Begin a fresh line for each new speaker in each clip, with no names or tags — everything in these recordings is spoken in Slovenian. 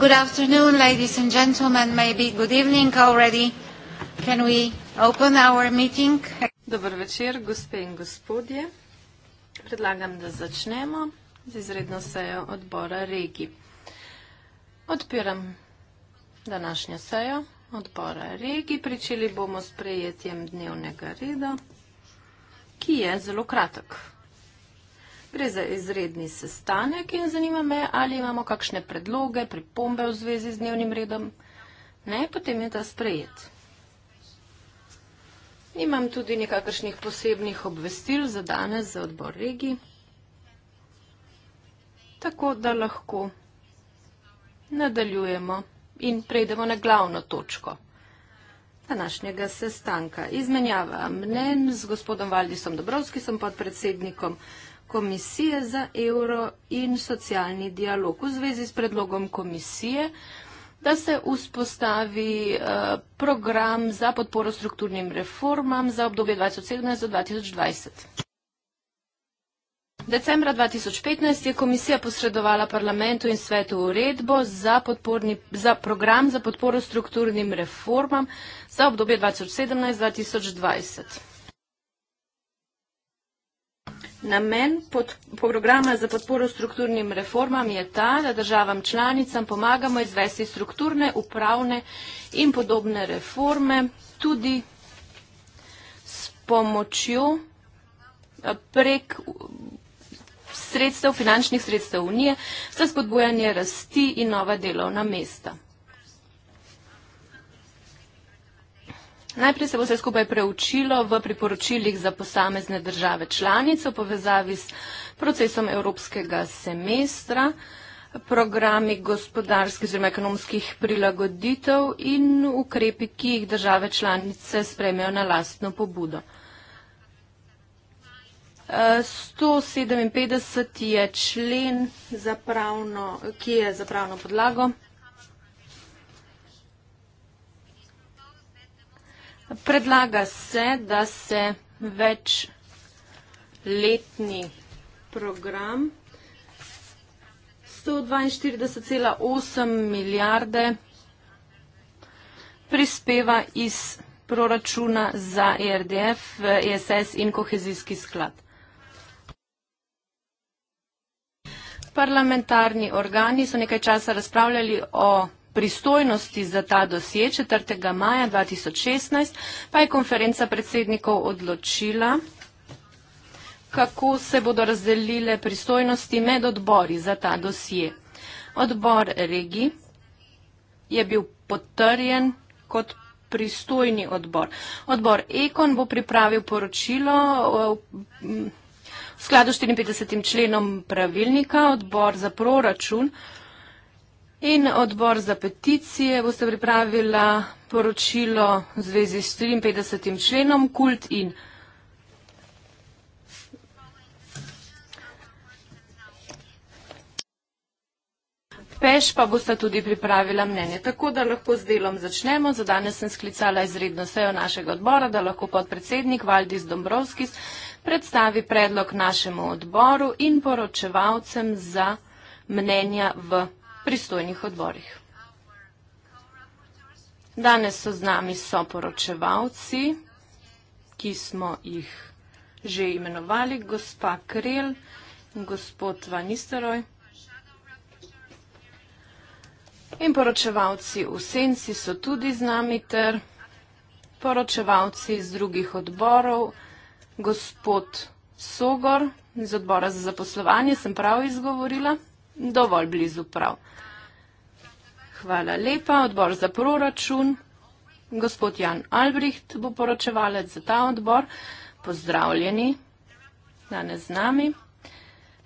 Good afternoon, ladies and gentlemen. Maybe good evening already.
Can we open our meeting? Dober večer, gospe in gospodje. Predlagam, da začnemo z izredno sejo odbora Regi. Odpiram današnjo sejo odbora Regi. Pričeli bomo s prejetjem dnevnega reda, ki je zelo kratek. Gre za izredni sestanek in zanima me, ali imamo kakšne predloge, pripombe v zvezi z dnevnim redom. Ne, potem je ta sprejet. Imam tudi nekakršnih posebnih obvestil za danes za odbor regi. Tako, da lahko nadaljujemo in prejdemo na glavno točko današnjega sestanka. Izmenjava mnen z gospodom Valdisom Dobrovskim, podpredsednikom. Komisije za evro in socialni dialog v zvezi s predlogom komisije, da se vzpostavi eh, program za podporo strukturnim reformam za obdobje 2017 do 2020. Decembra 2015 je komisija posredovala parlamentu in svetu uredbo za, podporni, za program za podporo strukturnim reformam za obdobje 2017-2020. Namen pod, programa za podporo strukturnim reformam je ta, da državam članicam pomagamo izvesti strukturne, upravne in podobne reforme tudi s pomočjo eh, prek sredstev, finančnih sredstev Unije za spodbujanje rasti in nova delovna mesta. Najprej se bo vse skupaj preučilo v priporočilih za posamezne države članice v povezavi s procesom evropskega semestra, programi gospodarskih oziroma ekonomskih prilagoditev in ukrepi, ki jih države članice spremejo na lastno pobudo. 157 e, je člen, pravno, ki je za pravno podlago. Predlaga se, da se več letni program 142,8 milijarde prispeva iz proračuna za ERDF, ESS in kohezijski sklad. Parlamentarni organi so nekaj časa razpravljali o proračunu, pristojnosti za ta dosje 4. maja 2016, pa je konferenca predsednikov odločila kako se bodo razdelile pristojnosti med odbori za ta dosje. Odbor regi je bil potrjen kot pristojni odbor. Odbor Ekon bo pripravil poročilo v skladu 54. členom pravilnika, odbor za proračun In odbor za peticije boste pripravila poročilo v zvezi s 53. členom kult in peš pa boste tudi pripravila mnenje. Tako da lahko z delom začnemo. Za danes sem sklicala izredno sejo našega odbora, da lahko podpredsednik Valdis Dombrovskis predstavi predlog našemu odboru in poročevalcem za mnenja v peš pristojnih odborih. Danes so z nami soporočevalci, ki smo jih že imenovali, gospa Krel in gospod Vanisteroj. In poročevalci v senci so tudi z nami ter poročevalci iz drugih odborov, gospod Sogor iz odbora za zaposlovanje, sem prav izgovorila dovolj blizu prav. Hvala lepa, odbor za proračun. Gospod Jan Albricht bo poročevalec za ta odbor. Pozdravljeni danes z nami.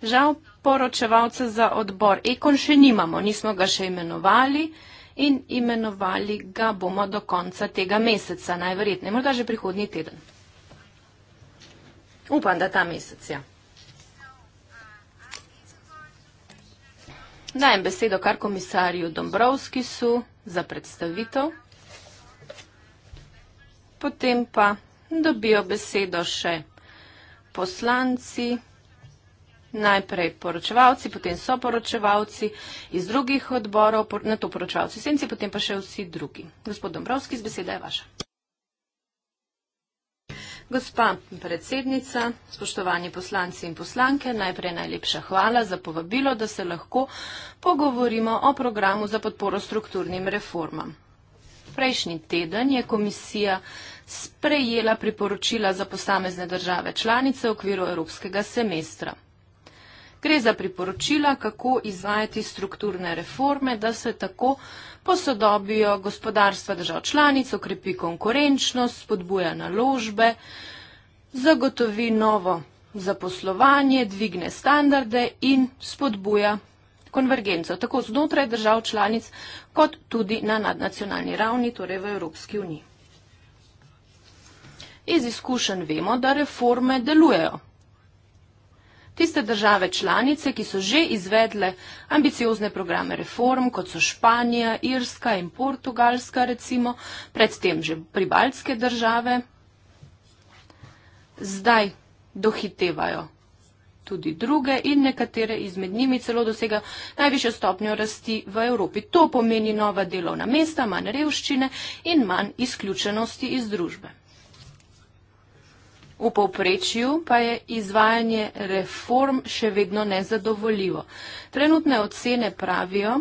Žal poročevalca za odbor Ekon še nimamo, nismo ga še imenovali in imenovali ga bomo do konca tega meseca, najverjetneje, morda že prihodnji teden. Upam, da ta mesec, ja. Dajem besedo kar komisarju Dombrovskisu za predstavitev. Potem pa dobijo besedo še poslanci, najprej poročevalci, potem so poročevalci iz drugih odborov, na to poročevalci senci, potem pa še vsi drugi. Gospod Dombrovski, z beseda je vaša. Gospa predsednica, spoštovani poslanci in poslanke, najprej najlepša hvala za povabilo, da se lahko pogovorimo o programu za podporo strukturnim reformam. Prejšnji teden je komisija sprejela priporočila za posamezne države članice v okviru evropskega semestra. Gre za priporočila, kako izvajati strukturne reforme, da se tako posodobijo gospodarstva držav članic, okrepi konkurenčnost, spodbuja naložbe, zagotovi novo zaposlovanje, dvigne standarde in spodbuja konvergenco, tako znotraj držav članic, kot tudi na nadnacionalni ravni, torej v Evropski uniji. Iz izkušenj vemo, da reforme delujejo tiste države članice, ki so že izvedle ambiciozne programe reform, kot so Španija, Irska in Portugalska recimo, predtem že pribaltske države, zdaj dohitevajo tudi druge in nekatere izmed njimi celo dosega najvišjo stopnjo rasti v Evropi. To pomeni nova delovna mesta, manj revščine in manj izključenosti iz družbe. V povprečju pa je izvajanje reform še vedno nezadovoljivo. Trenutne ocene pravijo,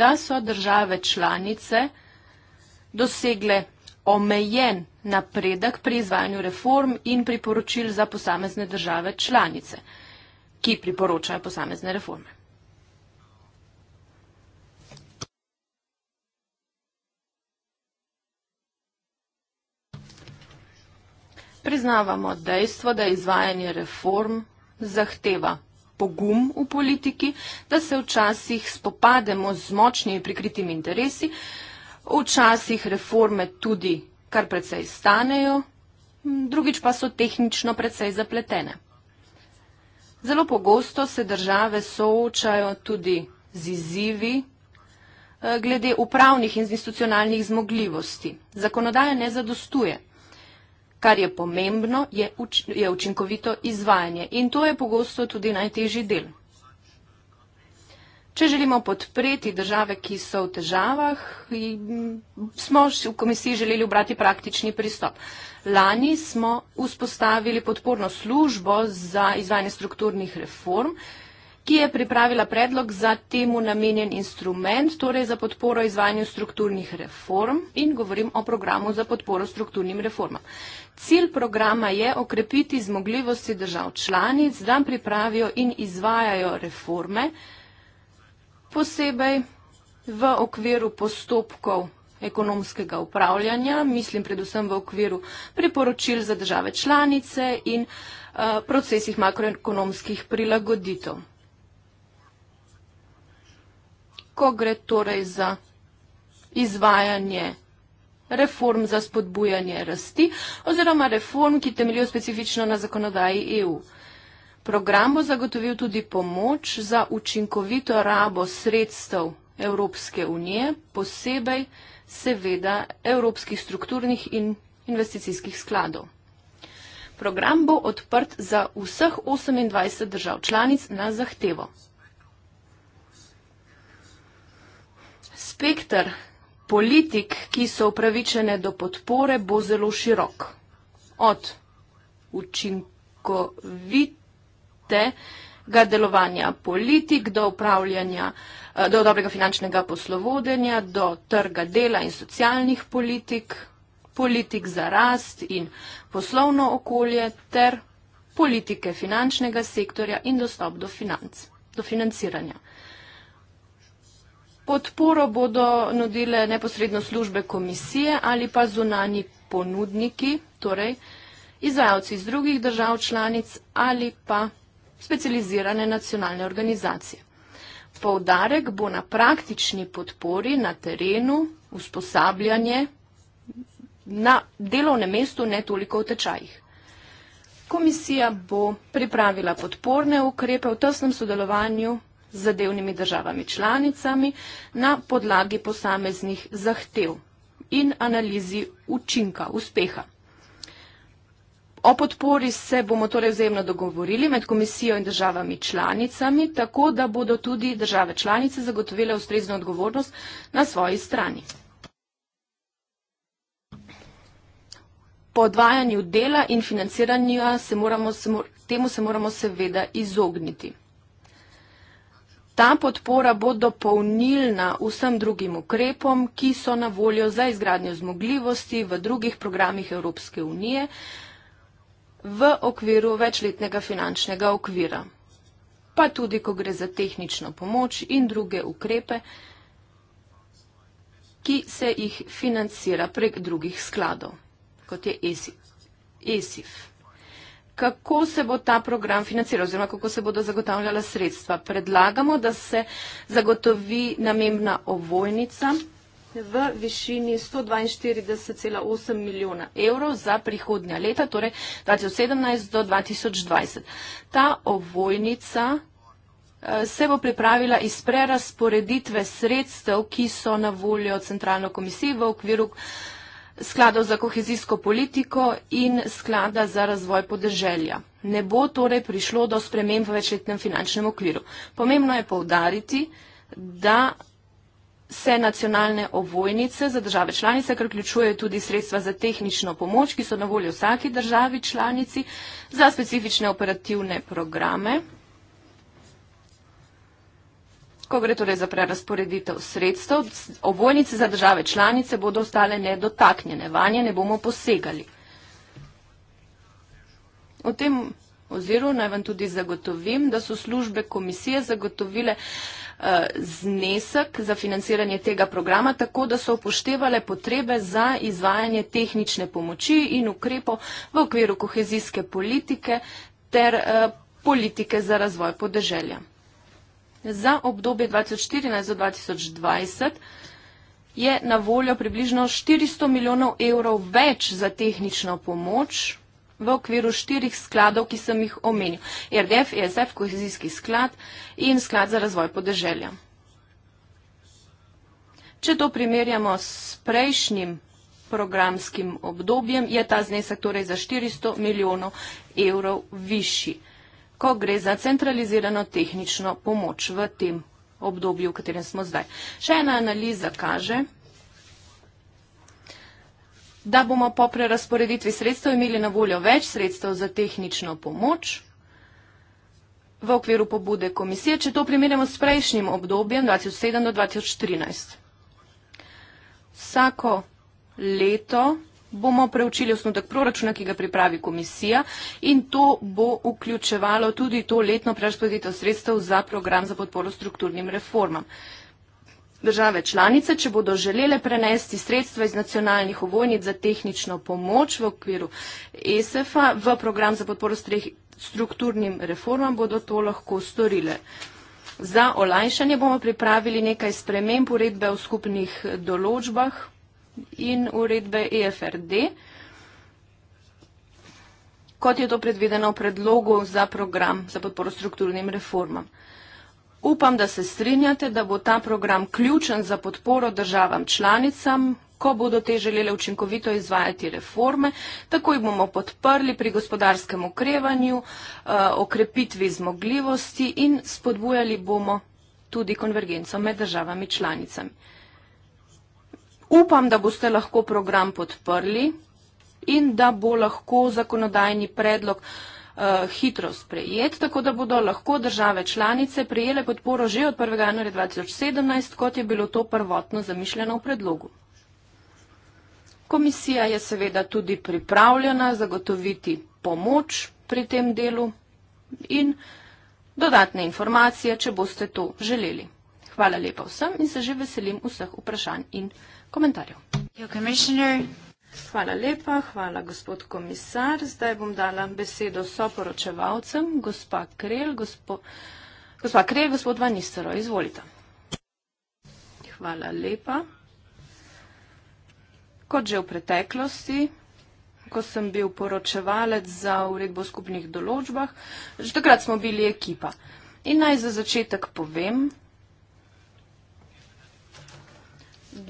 da so države članice dosegle omejen napredek pri izvajanju reform in priporočil za posamezne države članice, ki priporočajo posamezne reforme. Priznavamo dejstvo, da izvajanje reform zahteva pogum v politiki, da se včasih spopademo z močnimi prikritimi interesi, včasih reforme tudi kar precej stanejo, drugič pa so tehnično precej zapletene. Zelo pogosto se države soočajo tudi z izzivi eh, glede upravnih in institucionalnih zmogljivosti. Zakonodaja ne zadostuje. Kar je pomembno, je, uč, je učinkovito izvajanje in to je pogosto tudi najtežji del. Če želimo podpreti države, ki so v težavah, smo v komisiji želeli obrati praktični pristop. Lani smo vzpostavili podporno službo za izvajanje strukturnih reform, ki je pripravila predlog za temu namenjen instrument, torej za podporo izvajanju strukturnih reform in govorim o programu za podporo strukturnim reformam. Cilj programa je okrepiti zmogljivosti držav članic, da pripravijo in izvajajo reforme, posebej v okviru postopkov ekonomskega upravljanja, mislim predvsem v okviru priporočil za države članice in uh, procesih makroekonomskih prilagoditev. ko gre torej za izvajanje reform za spodbujanje rasti oziroma reform, ki temeljijo specifično na zakonodaji EU. Program bo zagotovil tudi pomoč za učinkovito rabo sredstev Evropske unije, posebej seveda evropskih strukturnih in investicijskih skladov. Program bo odprt za vseh 28 držav članic na zahtevo. spektr politik, ki so upravičene do podpore, bo zelo širok. Od učinkovitega delovanja politik do upravljanja, eh, do dobrega finančnega poslovodenja, do trga dela in socialnih politik, politik za rast in poslovno okolje ter politike finančnega sektorja in dostop do financ, do financiranja. Podporo bodo nudile neposredno službe komisije ali pa zunani ponudniki, torej izvajalci iz drugih držav članic ali pa specializirane nacionalne organizacije. Poudarek bo na praktični podpori na terenu usposabljanje na delovnem mestu, ne toliko v tečajih. Komisija bo pripravila podporne ukrepe v tesnem sodelovanju zadevnimi državami članicami na podlagi posameznih zahtev in analizi učinka, uspeha. O podpori se bomo torej vzajemno dogovorili med komisijo in državami članicami, tako da bodo tudi države članice zagotovile ustrezno odgovornost na svoji strani. Po odvajanju dela in financiranja se moramo, temu se moramo seveda izogniti. Ta podpora bo dopolnilna vsem drugim ukrepom, ki so na voljo za izgradnjo zmogljivosti v drugih programih Evropske unije v okviru večletnega finančnega okvira. Pa tudi, ko gre za tehnično pomoč in druge ukrepe, ki se jih financira prek drugih skladov, kot je ESIF. ESIF kako se bo ta program financiral oziroma kako se bodo zagotavljala sredstva. Predlagamo, da se zagotovi namembna ovojnica v višini 142,8 milijona evrov za prihodnja leta, torej 2017 do 2020. Ta ovojnica eh, se bo pripravila iz prerasporeditve sredstev, ki so na voljo centralno komisijo v okviru skladov za kohezijsko politiko in sklada za razvoj podeželja. Ne bo torej prišlo do sprememb v večletnem finančnem okviru. Pomembno je povdariti, da se nacionalne ovojnice za države članice, kar ključuje tudi sredstva za tehnično pomoč, ki so na voljo vsaki državi članici, za specifične operativne programe ko gre torej za prerasporeditev sredstev, obojnice za države članice bodo ostale nedotaknjene, vanje ne bomo posegali. O tem oziru naj vam tudi zagotovim, da so službe komisije zagotovile eh, znesek za financiranje tega programa, tako da so upoštevale potrebe za izvajanje tehnične pomoči in ukrepo v okviru kohezijske politike ter eh, politike za razvoj podeželja. Za obdobje 2014 do 2020 je na voljo približno 400 milijonov evrov več za tehnično pomoč v okviru štirih skladov, ki sem jih omenil. RDF, ESF, kohezijski sklad in sklad za razvoj podeželja. Če to primerjamo s prejšnjim programskim obdobjem, je ta znesek torej za 400 milijonov evrov višji ko gre za centralizirano tehnično pomoč v tem obdobju, v katerem smo zdaj. Še ena analiza kaže, da bomo po prerasporeditvi sredstev imeli na voljo več sredstev za tehnično pomoč v okviru pobude komisije, če to primerjamo s prejšnjim obdobjem 2007 do 2013. Vsako leto bomo preučili osnutek proračuna, ki ga pripravi komisija in to bo vključevalo tudi to letno prerazporeditev sredstev za program za podporo strukturnim reformam. Države članice, če bodo želele prenesti sredstva iz nacionalnih ovojnic za tehnično pomoč v okviru ESF-a v program za podporo strukturnim reformam, bodo to lahko storile. Za olajšanje bomo pripravili nekaj sprememb uredbe v skupnih določbah in uredbe EFRD, kot je to predvideno v predlogu za program za podporo strukturnim reformam. Upam, da se strinjate, da bo ta program ključen za podporo državam članicam, ko bodo te želele učinkovito izvajati reforme. Tako jih bomo podprli pri gospodarskem okrevanju, eh, okrepitvi zmogljivosti in spodbujali bomo tudi konvergenco med državami članicami. Upam, da boste lahko program podprli in da bo lahko zakonodajni predlog eh, hitro sprejet, tako da bodo lahko države članice prijele podporo že od 1. januarja 2017, kot je bilo to prvotno zamišljeno v predlogu. Komisija je seveda tudi pripravljena zagotoviti pomoč pri tem delu in dodatne informacije, če boste to želeli. Hvala lepa vsem in se že veselim vseh vprašanj in vprašanj komentarjev. Hvala lepa, hvala gospod komisar. Zdaj bom dala besedo soporočevalcem, gospa Krel, gospo, gospa Krel gospod Van Nistero. Izvolite. Hvala lepa. Kot že v preteklosti, ko sem bil poročevalec za uredbo skupnih določbah, že takrat smo bili ekipa. In naj za začetek povem,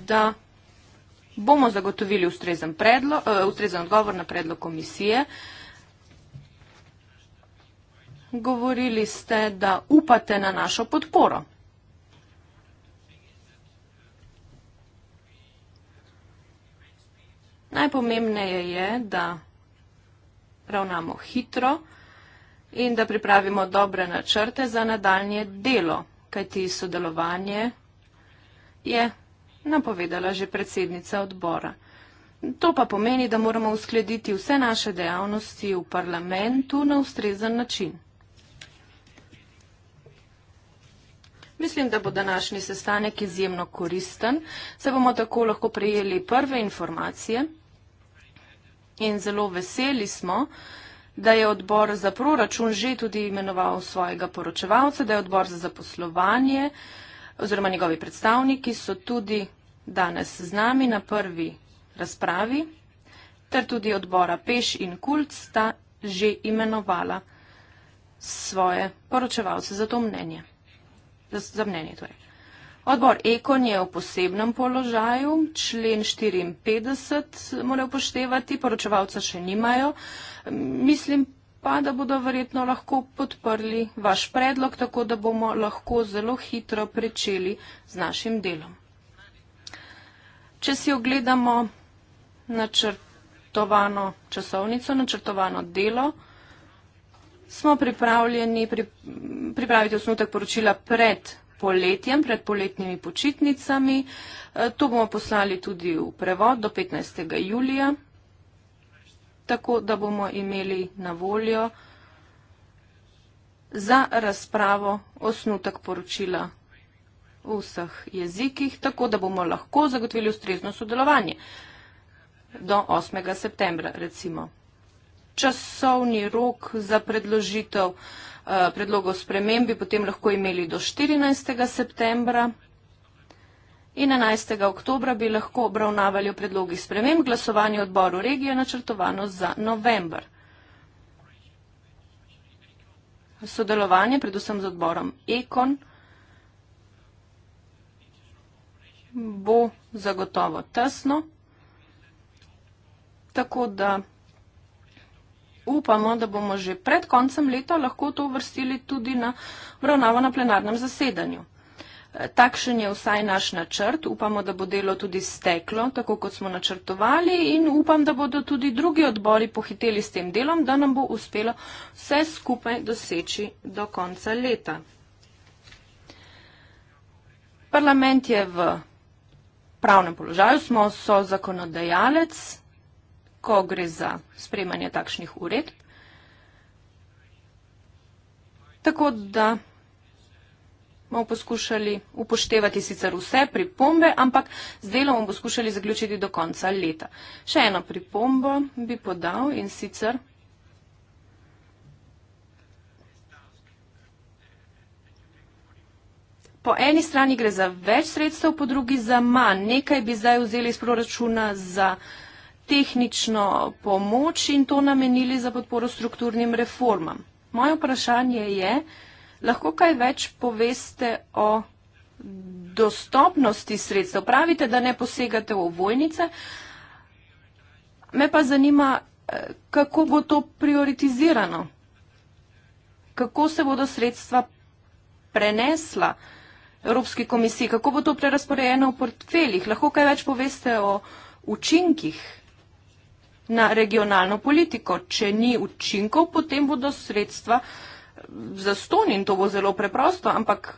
da bomo zagotovili ustrezen, predlog, eh, ustrezen odgovor na predlog komisije. Govorili ste, da upate na našo podporo. Najpomembneje je, da ravnamo hitro in da pripravimo dobre načrte za nadaljnje delo, kajti sodelovanje je napovedala že predsednica odbora. To pa pomeni, da moramo uskladiti vse naše dejavnosti v parlamentu na ustrezen način. Mislim, da bo današnji sestanek izjemno koristen, saj bomo tako lahko prejeli prve informacije in zelo veseli smo, da je odbor za proračun že tudi imenoval svojega poročevalca, da je odbor za zaposlovanje uh, oziroma njegovi predstavniki so tudi danes z nami na prvi razpravi, ter tudi odbora Peš in Kult sta že imenovala svoje poročevalce za to mnenje. Za, za mnenje torej. Odbor Ekon je v posebnem položaju, člen 54 mora upoštevati, poročevalca še nimajo. Mislim pa da bodo verjetno lahko podprli vaš predlog, tako da bomo lahko zelo hitro pričeli z našim delom. Če si ogledamo načrtovano časovnico, načrtovano delo, smo pripravljeni pripraviti osnutek poročila pred poletjem, pred poletnimi počitnicami. E, to bomo poslali tudi v prevod do 15. julija tako da bomo imeli na voljo za razpravo osnutek poročila v vseh jezikih, tako da bomo lahko zagotovili ustrezno sodelovanje do 8. septembra, recimo. Časovni rok za predložitev eh, predlogov spremembi potem lahko imeli do 14. septembra in 11. oktobra bi lahko obravnavali o predlogih spremem glasovanje odboru regije načrtovano za novembr. Sodelovanje predvsem z odborom EKON bo zagotovo tesno, tako da upamo, da bomo že pred koncem leta lahko to uvrstili tudi na obravnavo na plenarnem zasedanju. Takšen je vsaj naš načrt. Upamo, da bo delo tudi steklo, tako kot smo načrtovali in upam, da bodo tudi drugi odbori pohiteli s tem delom, da nam bo uspelo vse skupaj doseči do konca leta. Parlament je v pravnem položaju, smo so zakonodajalec, ko gre za sprejmanje takšnih uredb. Tako da bomo poskušali upoštevati sicer vse pripombe, ampak z delom bomo poskušali zaključiti do konca leta. Še eno pripombo bi podal in sicer. Po eni strani gre za več sredstev, po drugi za manj. Nekaj bi zdaj vzeli iz proračuna za tehnično pomoč in to namenili za podporo strukturnim reformam. Moje vprašanje je, Lahko kaj več poveste o dostopnosti sredstev? Pravite, da ne posegate v vojnice. Me pa zanima, eh, kako bo to prioritizirano? Kako se bodo sredstva prenesla Evropski komisiji? Kako bo to prerasporejeno v portfeljih? Lahko kaj več poveste o učinkih na regionalno politiko? Če ni učinkov, potem bodo sredstva prenesla zaston in to bo zelo preprosto, ampak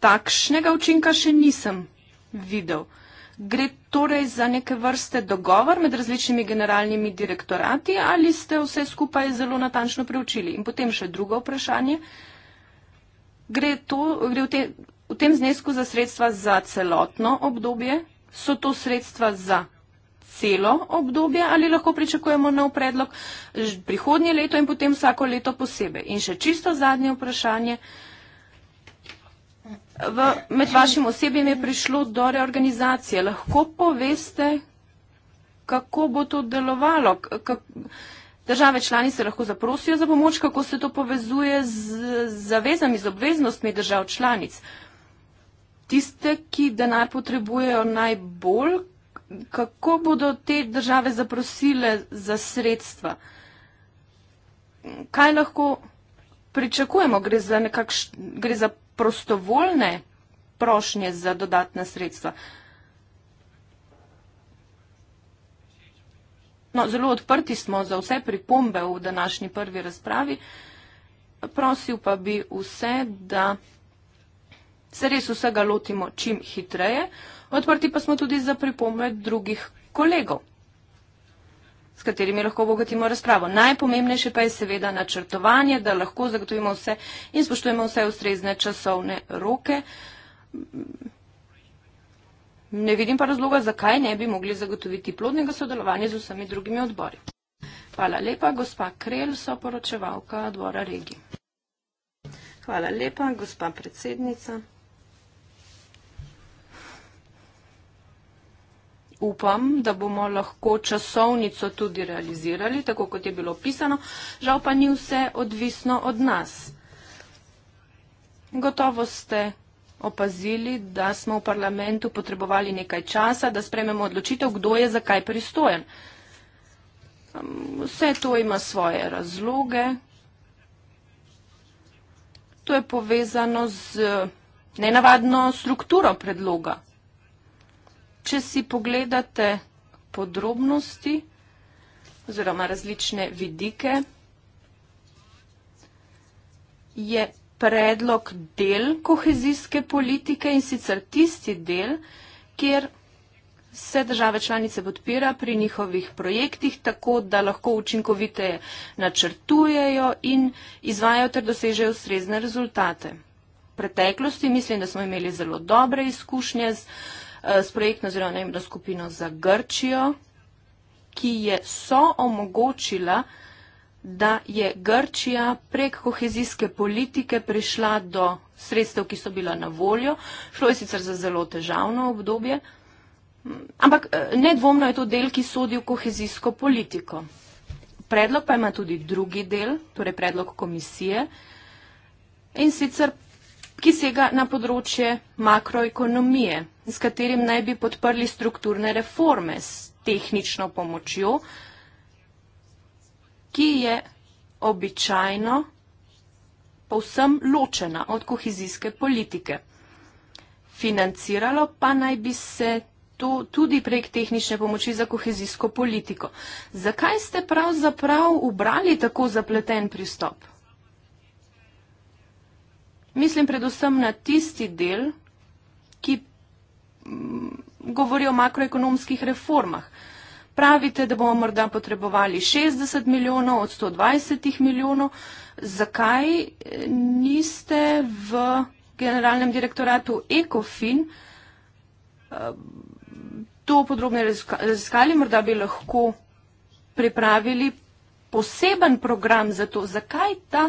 takšnega učinka še nisem videl. Gre torej za neke vrste dogovor med različnimi generalnimi direktorati ali ste vse skupaj zelo natančno preučili? In potem še drugo vprašanje. Gre, to, gre v, te, v tem znesku za sredstva za celotno obdobje? So to sredstva za celo obdobje ali lahko pričakujemo nov predlog prihodnje leto in potem vsako leto posebej. In še čisto zadnje vprašanje. V, med vašim osebjem je prišlo do reorganizacije. Lahko poveste, kako bo to delovalo? Kako, države članice lahko zaprosijo za pomoč, kako se to povezuje z zavezami, z obveznostmi držav članic? Tiste, ki denar potrebujejo najbolj, kako bodo te države zaprosile za sredstva? Kaj lahko pričakujemo? Gre za, nekakš, gre za prostovoljne prošnje za dodatna sredstva. No, zelo odprti smo za vse pripombe v današnji prvi razpravi. Prosil pa bi vse, da se res vsega lotimo čim hitreje. Odprti pa smo tudi za pripombe drugih kolegov, s katerimi lahko obogatimo razpravo. Najpomembnejše pa je seveda načrtovanje, da lahko zagotovimo vse in spoštujemo vse ustrezne časovne roke. Ne vidim pa razloga, zakaj ne bi mogli zagotoviti plodnega sodelovanja z vsemi drugimi odbori. Hvala lepa, gospa Krel, soporočevalka Dvora Regi. Hvala lepa, gospa predsednica. upam, da bomo lahko časovnico tudi realizirali, tako kot je bilo pisano. Žal pa ni vse odvisno od nas. Gotovo ste opazili, da smo v parlamentu potrebovali nekaj časa, da sprememo odločitev, kdo je zakaj pristojen. Vse to ima svoje razloge. To je povezano z nenavadno strukturo predloga. Če si pogledate podrobnosti oziroma različne vidike, je predlog del kohezijske politike in sicer tisti del, kjer se države članice podpira pri njihovih projektih, tako da lahko učinkovite načrtujejo in izvajajo ter dosežejo ustrezne rezultate. V preteklosti mislim, da smo imeli zelo dobre izkušnje z Eh, s projektno oziroma najmedo skupino za Grčijo, ki je so omogočila, da je Grčija prek kohezijske politike prišla do sredstev, ki so bila na voljo. Šlo je sicer za zelo težavno obdobje, ampak eh, nedvomno je to del, ki sodi v kohezijsko politiko. Predlog pa ima tudi drugi del, torej predlog komisije. In sicer ki sega na področje makroekonomije, s katerim naj bi podprli strukturne reforme s tehnično pomočjo, ki je običajno povsem ločena od kohezijske politike. Financiralo pa naj bi se to tudi prek tehnične pomoči za kohezijsko politiko. Zakaj ste pravzaprav ubrali tako zapleten pristop? Mislim predvsem na tisti del, ki mm, govori o makroekonomskih reformah. Pravite, da bomo morda potrebovali 60 milijonov od 120 milijonov. Zakaj eh, niste v generalnem direktoratu ECOFIN eh, to podrobno raziskali? Morda bi lahko pripravili poseben program za to. Zakaj ta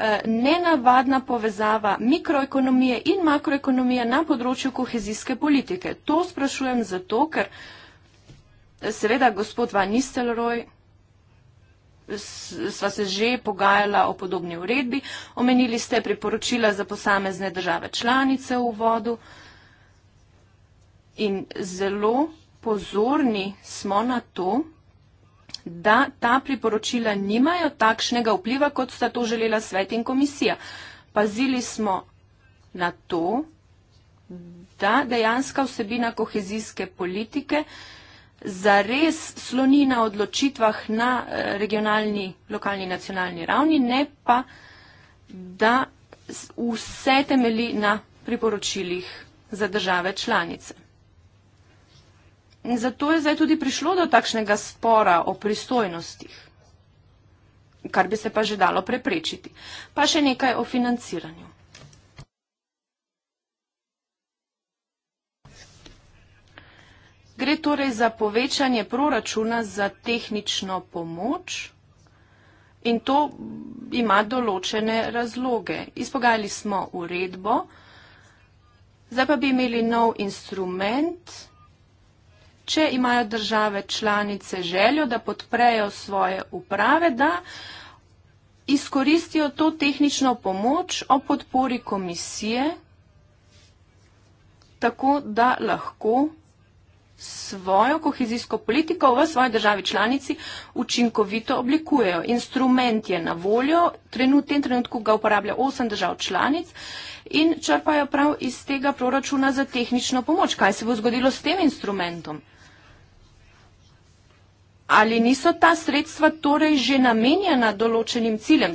Eh, nenavadna povezava mikroekonomije in makroekonomije na področju kohezijske politike. To sprašujem zato, ker eh, seveda gospod Van Nistelrooy, sva se že pogajala o podobni uredbi, omenili ste priporočila za posamezne države članice v vodu in zelo pozorni smo na to, da ta priporočila nimajo takšnega vpliva, kot sta to želela svet in komisija. Pazili smo na to, da dejanska vsebina kohezijske politike zares sloni na odločitvah na eh, regionalni, lokalni, nacionalni ravni, ne pa, da vse temeli na priporočilih za države članice. In zato je zdaj tudi prišlo do takšnega spora o pristojnostih, kar bi se pa že dalo preprečiti. Pa še nekaj o financiranju. Gre torej za povečanje proračuna za tehnično pomoč in to ima določene razloge. Izpogajali smo uredbo, zdaj pa bi imeli nov instrument, ki je nekaj, če imajo države članice željo, da podprejo svoje uprave, da izkoristijo to tehnično pomoč o podpori komisije, tako da lahko svojo kohezijsko politiko v svoji državi članici učinkovito oblikujejo. Instrument je na voljo, v tem trenutku ga uporablja osem držav članic in črpajo prav iz tega proračuna za tehnično pomoč. Kaj se bo zgodilo s tem instrumentom? ali niso ta sredstva torej že namenjena določenim ciljem?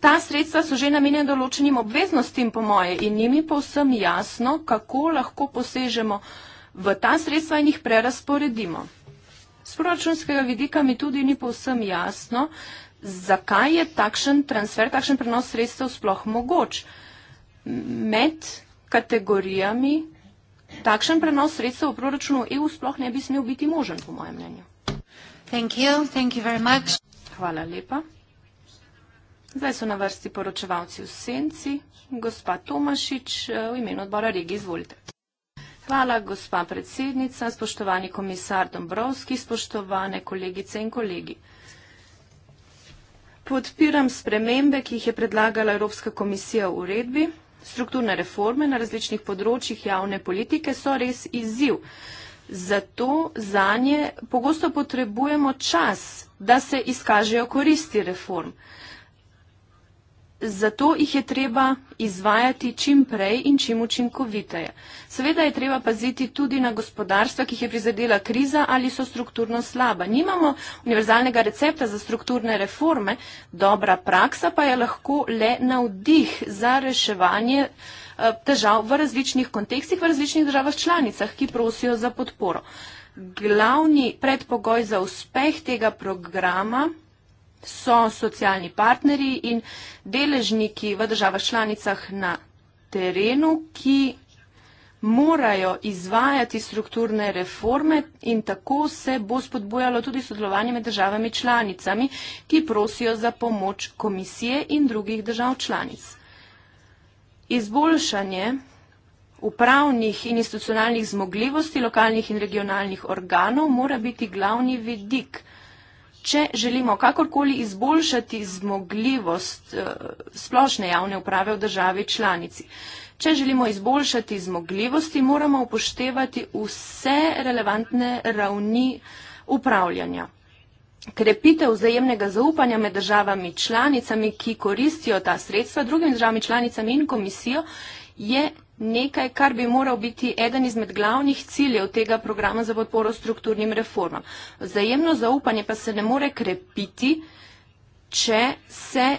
Ta sredstva so že namenjena določenim obveznostim, po moje, in njimi povsem jasno, kako lahko posežemo v ta sredstva in jih prerasporedimo. Z proračunskega vidika mi tudi ni povsem jasno, zakaj je takšen transfer, takšen prenos sredstev sploh mogoč med kategorijami, takšen prenos sredstev v proračunu EU sploh ne bi smel biti možen, po mojem mnenju. Thank you. Thank you very much. Hvala lepa. Zdaj so na vrsti poročevalci v senci. Gospa Tomašič, eh, v imenu odbora Regi, izvolite. Hvala, gospa predsednica, spoštovani komisar Dombrovski, spoštovane kolegice in kolegi. Podpiram spremembe, ki jih je predlagala Evropska komisija v uredbi. Strukturne reforme na različnih področjih javne politike so res izziv. Zato za nje pogosto potrebujemo čas, da se izkažejo koristi reform. Uh, zato jih je treba izvajati čim prej in čim učinkoviteje. Seveda je treba paziti tudi na gospodarstva, ki jih je prizadela kriza ali so strukturno slaba. Nimamo univerzalnega recepta za strukturne reforme, dobra praksa pa je lahko le navdih za reševanje eh, težav v različnih kontekstih, v različnih državah članicah, ki prosijo za podporo. Glavni predpogoj za uspeh tega programa so socialni partnerji in deležniki v državah članicah na terenu, ki morajo izvajati strukturne reforme in tako se bo spodbujalo tudi sodelovanje med državami članicami, ki prosijo za pomoč komisije in drugih držav članic. Izboljšanje upravnih in institucionalnih zmogljivosti lokalnih in regionalnih organov mora biti glavni vidik če želimo kakorkoli izboljšati zmogljivost eh, splošne javne uprave v državi članici. Če želimo izboljšati zmogljivosti, moramo upoštevati vse relevantne ravni upravljanja. Krepitev vzajemnega zaupanja med državami članicami, ki koristijo ta sredstva, drugimi državami članicami in komisijo, je nekaj, kar bi moral biti eden izmed glavnih ciljev tega programa za podporo strukturnim reformam. Vzajemno zaupanje pa se ne more krepiti, če se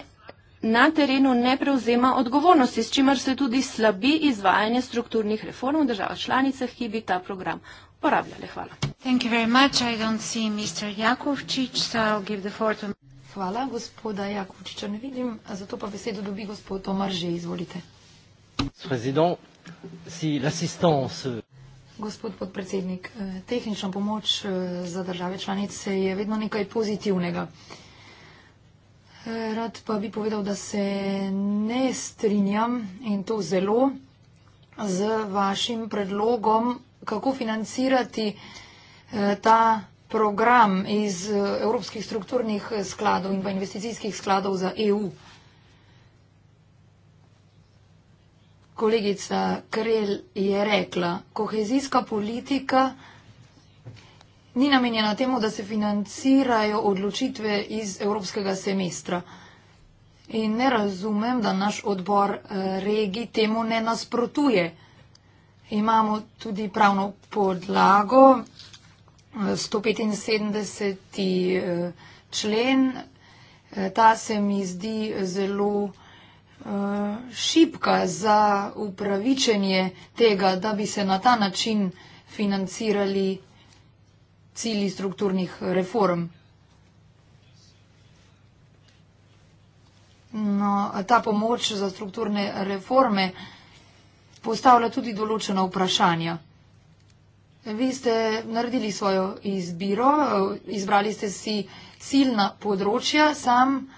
na terenu ne prevzema odgovornosti, s čimer se tudi slabi izvajanje strukturnih reform v državah članicah, ki bi ta program uporabljali. Hvala.
Hvala, gospoda Jakovčiča ne vidim, zato pa besedo dobi gospod Tomar že, izvolite.
Euh,
Gospod podpredsednik, eh, tehnična pomoč eh, za države članice je vedno nekaj pozitivnega. Eh, rad pa bi povedal, da se ne strinjam in to zelo z vašim predlogom, kako financirati ta program iz evropskih strukturnih skladov in pa investicijskih skladov za EU. kolegica Karel je rekla, kohezijska politika ni namenjena temu, da se financirajo odločitve iz evropskega semestra. In ne razumem, da naš odbor eh, regi temu ne nasprotuje. Imamo tudi pravno podlago, 175. Eh, eh, člen. Ta se mi zdi zelo. Eh, šibka za upravičenje tega, da bi se na ta način financirali cilji strukturnih reform. No, ta pomoč za strukturne reforme postavlja tudi določena vprašanja. Vi ste naredili svojo izbiro, eh, izbrali ste si ciljna področja, sam uh,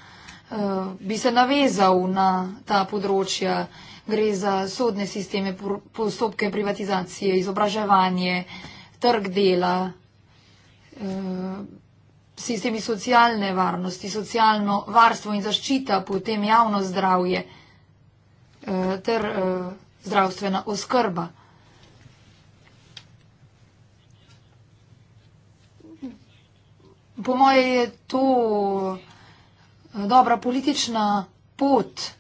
Eh, bi se navezal na ta področja. Gre za sodne sisteme, postopke privatizacije, izobraževanje, trg dela, eh, sistemi socialne varnosti, socialno varstvo in zaščita, potem javno zdravje eh, ter zdravstvena oskrba. Po moje je to dobra politična pot, eh,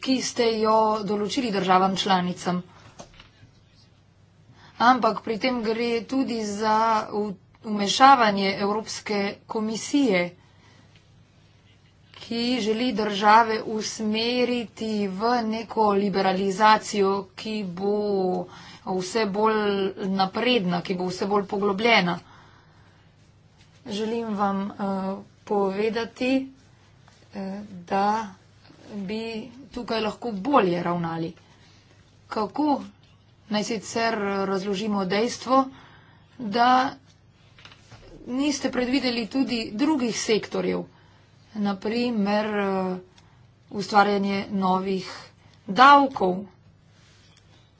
ki ste jo določili državam članicam. Ampak pri tem gre tudi za umešavanje Evropske komisije, ki želi države usmeriti v neko liberalizacijo, ki bo vse bolj napredna, ki bo vse bolj poglobljena. Želim vam. Uh, povedati, eh, da bi tukaj lahko bolje ravnali. Kako naj sicer razložimo dejstvo, da niste predvideli tudi drugih sektorjev, naprimer eh, ustvarjanje novih davkov.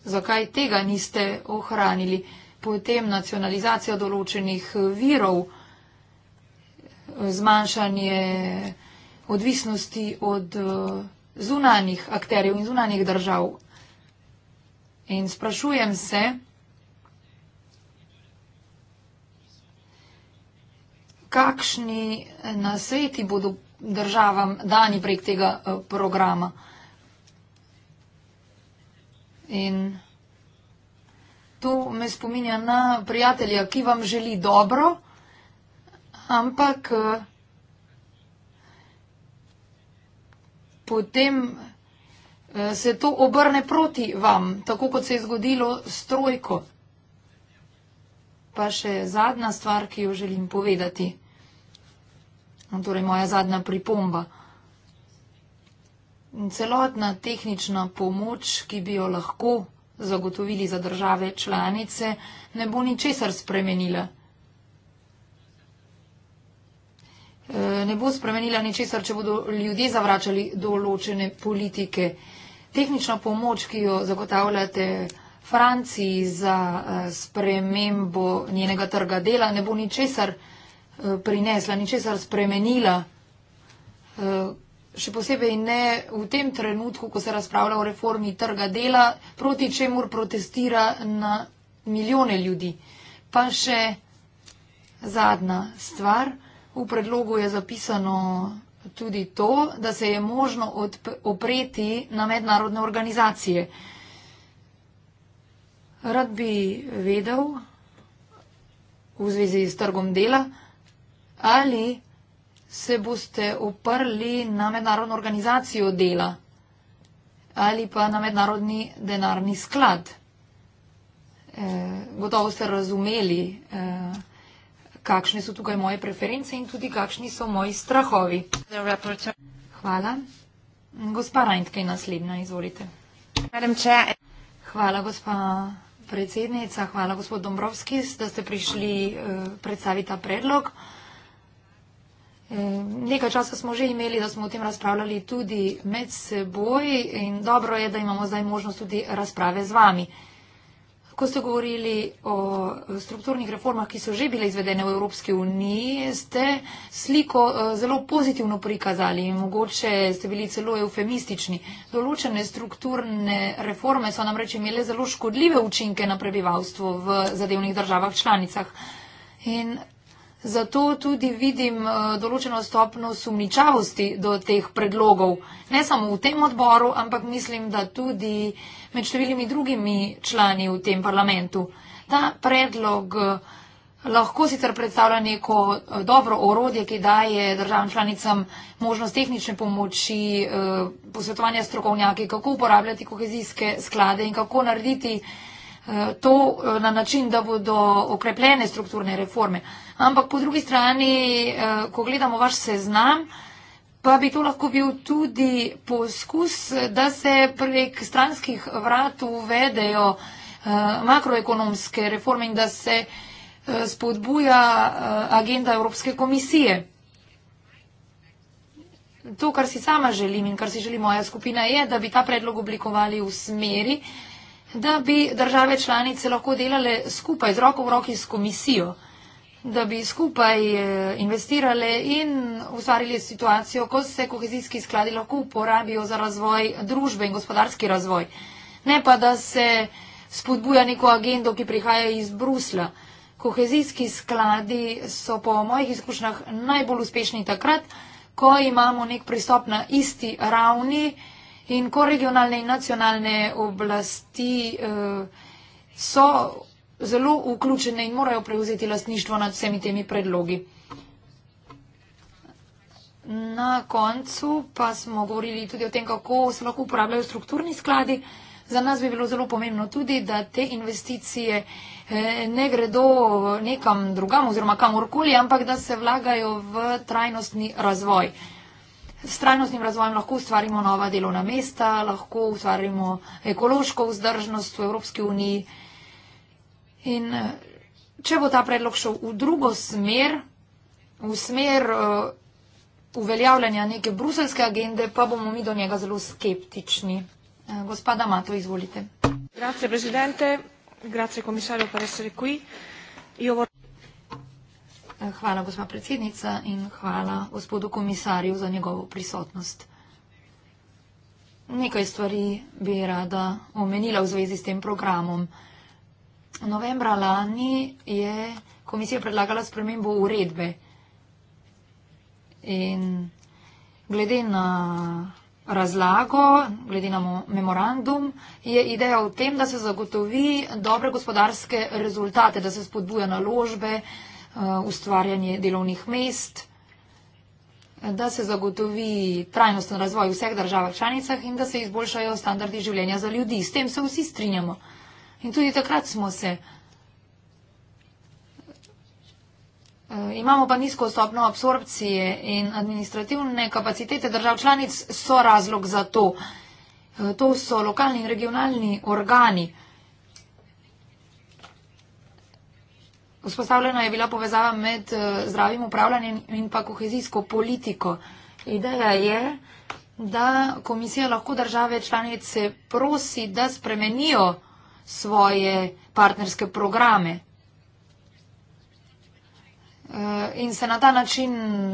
Zakaj tega niste ohranili? Potem nacionalizacija določenih virov zmanjšanje odvisnosti od eh, zunanih akterjev in zunanih držav. In sprašujem se, kakšni nasveti bodo državam dani prek tega eh, programa. In to me spominja na prijatelja, ki vam želi dobro. Ampak eh, potem eh, se to obrne proti vam, tako kot se je zgodilo s trojko. Pa še zadnja stvar, ki jo želim povedati. No, torej moja zadnja pripomba. Celotna tehnična pomoč, ki bi jo lahko zagotovili za države članice, ne bo ničesar spremenila. Eh, ne bo spremenila ničesar, če bodo ljudje zavračali določene politike. Tehnična pomoč, ki jo zagotavljate Franciji za eh, spremembo njenega trga dela, ne bo ničesar eh, prinesla, ničesar spremenila. Še posebej ne v tem trenutku, ko se razpravlja o reformi trga dela, proti čemur protestira na milijone ljudi. Pa še zadnja stvar. V predlogu je zapisano tudi to, da se je možno opreti na mednarodne organizacije. Rad bi vedel v zvezi s trgom dela, ali se boste oprli na mednarodno organizacijo dela ali pa na mednarodni denarni sklad. E, gotovo ste razumeli. E, kakšne so tukaj moje preference in tudi kakšni so moji strahovi. Hvala. Gospa Rajntke, naslednja, izvolite. Hvala, gospa predsednica, hvala, gospod Dombrovski, da ste prišli eh, predstaviti ta predlog. Eh, nekaj časa smo že imeli, da smo o tem razpravljali tudi med seboj in dobro je, da imamo zdaj možnost tudi razprave z vami. Ko ste govorili o strukturnih reformah, ki so že bile izvedene v Evropski uniji, ste sliko eh, zelo pozitivno prikazali in mogoče ste bili celo eufemistični. Določene strukturne reforme so namreč imele zelo škodljive učinke na prebivalstvo v zadevnih državah članicah. In Zato tudi vidim eh, določeno stopno sumničavosti do teh predlogov. Ne samo v tem odboru, ampak mislim, da tudi med številnimi drugimi člani v tem parlamentu. Ta predlog eh, lahko sicer predstavlja neko eh, dobro orodje, ki daje državam članicam možnost tehnične pomoči, posvetovanja strokovnjaki, kako uporabljati kohezijske sklade in kako narediti to eh, na način, da bodo okrepljene strukturne reforme. Ampak po drugi strani, eh, ko gledamo vaš seznam, pa bi to lahko bil tudi poskus, da se prek stranskih vrat uvedejo eh, makroekonomske reforme in da se spodbuja agenda Evropske komisije. To, kar si sama želim in kar si želi moja skupina, je, da bi ta predlog oblikovali v smeri, da bi države članice lahko delale skupaj, z roko v roki s komisijo, da bi skupaj eh, investirale in ustvarili situacijo, ko se kohezijski skladi lahko uporabijo za razvoj družbe in gospodarski razvoj. Ne pa, da se spodbuja neko agendo, ki prihaja iz Brusla. Kohezijski skladi so po mojih izkušnjah najbolj uspešni takrat, ko imamo nek pristop na isti ravni, In ko regionalne in nacionalne oblasti uh, so zelo vključene in morajo prevzeti lastništvo nad vsemi temi predlogi. Na koncu pa smo govorili tudi o tem, kako se lahko uporabljajo strukturni skladi. Za nas bi bilo zelo pomembno tudi, da te investicije eh, ne gredo nekam drugam oziroma kamorkoli, ampak da se vlagajo v trajnostni razvoj s trajnostnim razvojem lahko ustvarimo nova delovna mesta, lahko ustvarimo ekološko vzdržnost v Evropski uniji. In eh, če bo ta predlog šel v drugo smer, v smer eh, uveljavljanja neke bruselske agende, pa bomo mi do njega zelo skeptični. Eh, Gospoda Mato, izvolite. Grazie, Hvala, gospa predsednica, in hvala gospodu komisarju za njegovo prisotnost. Nekaj stvari bi rada omenila v zvezi s tem programom. Novembra lani je komisija predlagala spremembo uredbe in glede na razlago, glede na memorandum, je ideja v tem, da se zagotovi dobre gospodarske rezultate, da se spodbuja naložbe, Eh, ustvarjanje delovnih mest, da se zagotovi trajnosten razvoj v vseh državah članicah in da se izboljšajo standardi življenja za ljudi. S tem se vsi strinjamo. In tudi takrat smo se. Eh, imamo pa nizko stopno absorpcije in administrativne kapacitete držav članic so razlog za to. Eh, to so lokalni in regionalni organi. Vzpostavljena je bila povezava med eh, zdravim upravljanjem in pa kohezijsko politiko. Ideja je, da komisija lahko države članice prosi, da spremenijo svoje partnerske programe eh, in se na ta način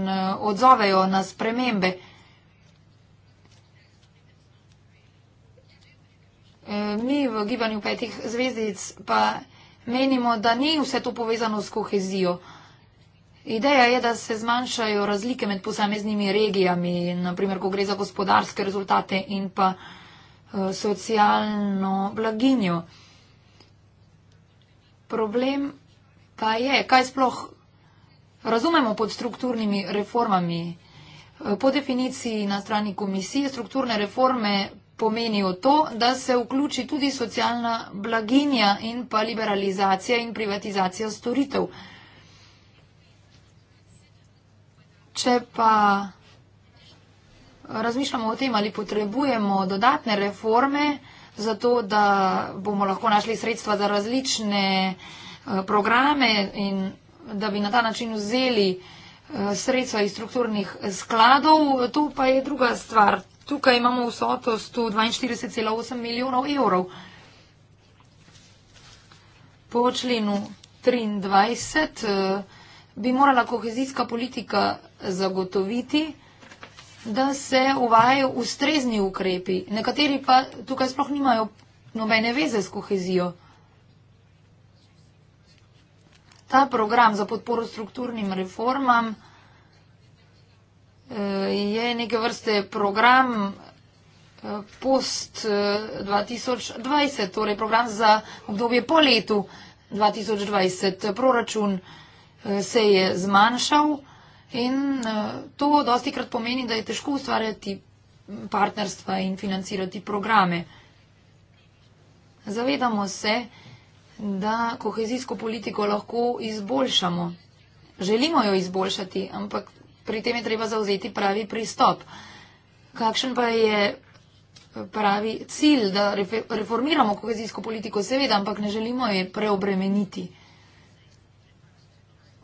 eh, odzovejo na spremembe. Mi v gibanju petih zvezdic pa. Menimo, da ni vse to povezano s kohezijo. Ideja je, da se zmanjšajo razlike med posameznimi regijami, naprimer, ko gre za gospodarske rezultate in pa eh, socialno blaginjo. Problem pa je, kaj sploh razumemo pod strukturnimi reformami. Eh, po definiciji na strani komisije strukturne reforme pomenil to, da se vključi tudi socialna blaginja in pa liberalizacija in privatizacija storitev. Če pa razmišljamo o tem, ali potrebujemo dodatne reforme, zato da bomo lahko našli sredstva za različne eh, programe in da bi na ta način vzeli eh, sredstva iz strukturnih skladov, to pa je druga stvar. Tukaj imamo vsoto 142,8 milijonov evrov. Po členu 23 eh, bi morala kohezijska politika zagotoviti, da se uvajajo ustrezni ukrepi. Nekateri pa tukaj sploh nimajo nobene veze s kohezijo. Ta program za podporo strukturnim reformam je neke vrste program eh, post 2020, eh, torej program za obdobje po letu 2020. Proračun eh, se je zmanjšal in to dosti krat pomeni, da je težko ustvarjati partnerstva in financirati programe. Zavedamo se, da kohezijsko politiko lahko izboljšamo. Želimo jo izboljšati, ampak pri tem je treba zauzeti pravi pristop. Kakšen pa je pravi cilj, da reformiramo kohezijsko politiko, seveda, ampak ne želimo je preobremeniti.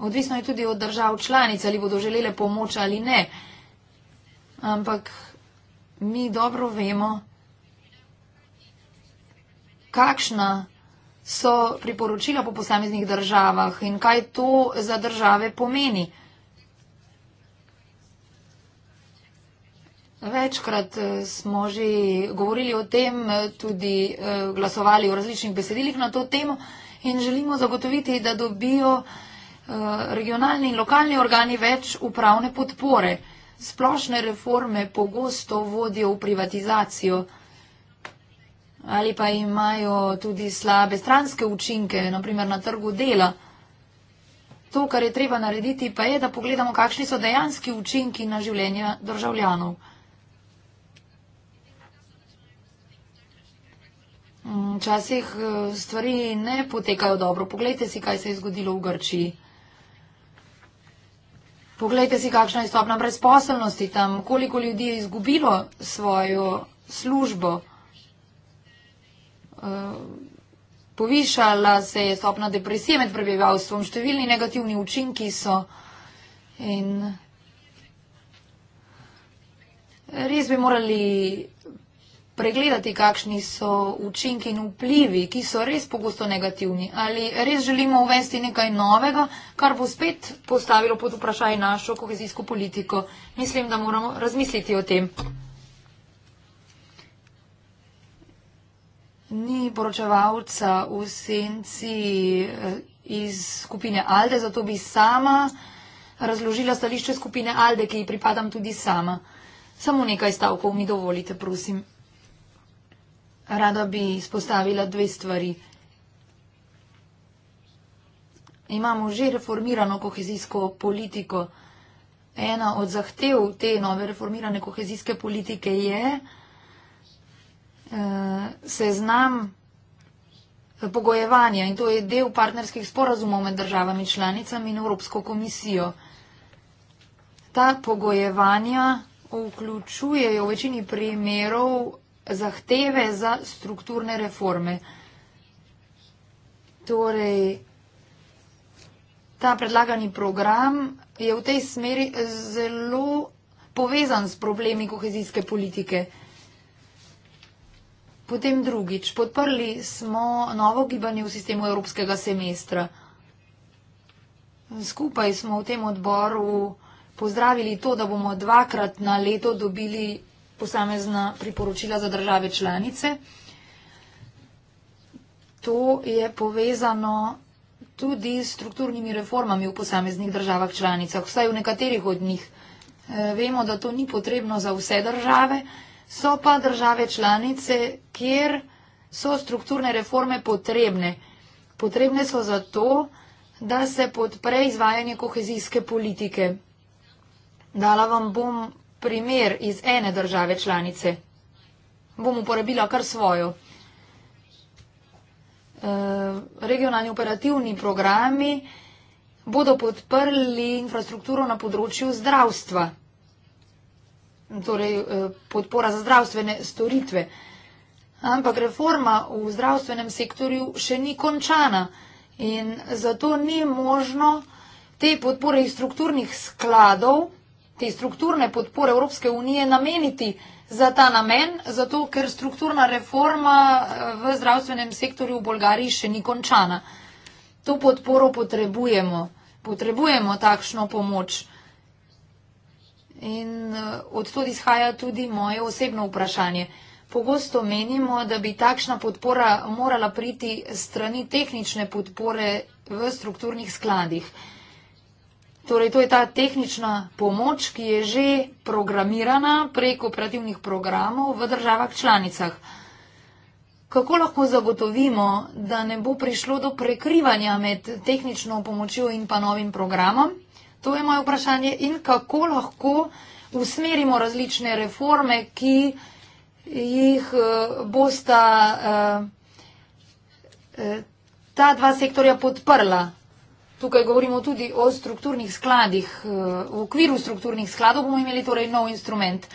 Odvisno je tudi od držav članic, ali bodo želele pomoč ali ne. Ampak mi dobro vemo, kakšna so priporočila po posameznih državah in kaj to za države pomeni. Večkrat eh, smo že govorili o tem, eh, tudi eh, glasovali o različnih besedilih na to temo in želimo zagotoviti, da dobijo regionalni in lokalni organi več upravne podpore. Splošne reforme pogosto vodijo v privatizacijo ali pa imajo tudi slabe stranske učinke, naprimer na trgu dela. To, kar je treba narediti, pa je, da pogledamo, kakšni so dejanski učinki na življenje državljanov. Mm, včasih eh, stvari ne potekajo dobro. Poglejte si, kaj se je zgodilo v Grčiji. Poglejte si, kakšna je stopna brezposelnosti tam, koliko ljudi je izgubilo svojo službo. Eh, povišala se je stopna depresije med prebivalstvom, številni negativni učinki so. In res bi morali pregledati, kakšni so učinki in vplivi, ki so res pogosto negativni, ali res želimo uvesti nekaj novega, kar bo spet postavilo pod vprašaj našo kohezijsko politiko. Mislim, da moramo razmisliti o tem. Ni poročevalca v senci eh, iz skupine Alde, zato bi sama razložila stališče skupine Alde, ki ji pripadam tudi sama. Samo nekaj stavkov mi dovolite, prosim. Rada bi izpostavila dve stvari. Imamo že reformirano kohezijsko politiko. Ena od zahtev te nove reformirane kohezijske politike je eh, seznam eh, pogojevanja in to je del partnerskih sporazumov med državami članicami in Evropsko komisijo. Ta pogojevanja vključujejo v večini primerov zahteve za strukturne reforme. Torej, ta predlagani program je v tej smeri zelo povezan s problemi kohezijske politike. Potem drugič, podprli smo novo gibanje v sistemu evropskega semestra. Skupaj smo v tem odboru pozdravili to, da bomo dvakrat na leto dobili posamezna priporočila za države članice. To je povezano tudi s strukturnimi reformami v posameznih državah članicah, vsaj v nekaterih od njih. E, vemo, da to ni potrebno za vse države, so pa države članice, kjer so strukturne reforme potrebne. Potrebne so zato, da se podpre izvajanje kohezijske politike. Dala vam bom primer iz ene države članice. Bom uporabila kar svojo. E, regionalni operativni programi bodo podprli infrastrukturo na področju zdravstva, torej e, podpora za zdravstvene storitve. Ampak reforma v zdravstvenem sektorju še ni končana in zato ni možno te podpore iz strukturnih skladov, te strukturne podpore Evropske unije nameniti za ta namen, zato ker strukturna reforma eh, v zdravstvenem sektorju v Bolgariji še ni končana. To podporo potrebujemo, potrebujemo takšno pomoč. In eh, odtud izhaja tudi moje osebno vprašanje. Pogosto menimo, da bi takšna podpora morala priti strani tehnične podpore v strukturnih skladih. Torej, to je ta tehnična pomoč, ki je že programirana prek operativnih programov v državah članicah. Kako lahko zagotovimo, da ne bo prišlo do prekrivanja med tehnično pomočjo in pa novim programom? To je moje vprašanje. In kako lahko usmerimo različne reforme, ki jih eh, bosta eh, eh, ta dva sektorja podprla? Tukaj govorimo tudi o strukturnih skladih. Eh, v okviru strukturnih skladov bomo imeli torej nov instrument.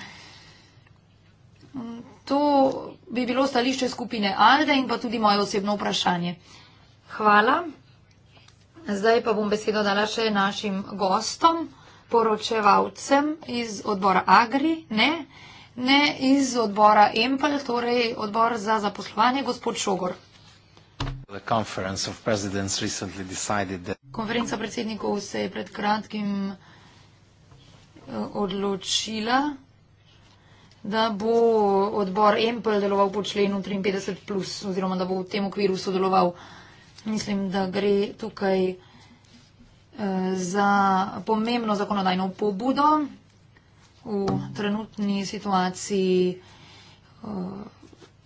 Mm, to bi bilo stališče skupine Alde in pa tudi moje osebno vprašanje. Hvala. Zdaj pa bom besedo dala še našim gostom, poročevalcem iz odbora Agri, ne, ne iz odbora Empel, torej odbor za zaposlovanje, gospod Šogor.
The conference of presidents recently decided that...
Konferenca predsednikov se je pred kratkim eh, odločila, da bo odbor EMPL deloval po členu 53, plus, oziroma da bo v tem okviru sodeloval. Mislim, da gre tukaj eh, za pomembno zakonodajno pobudo v trenutni situaciji. Eh,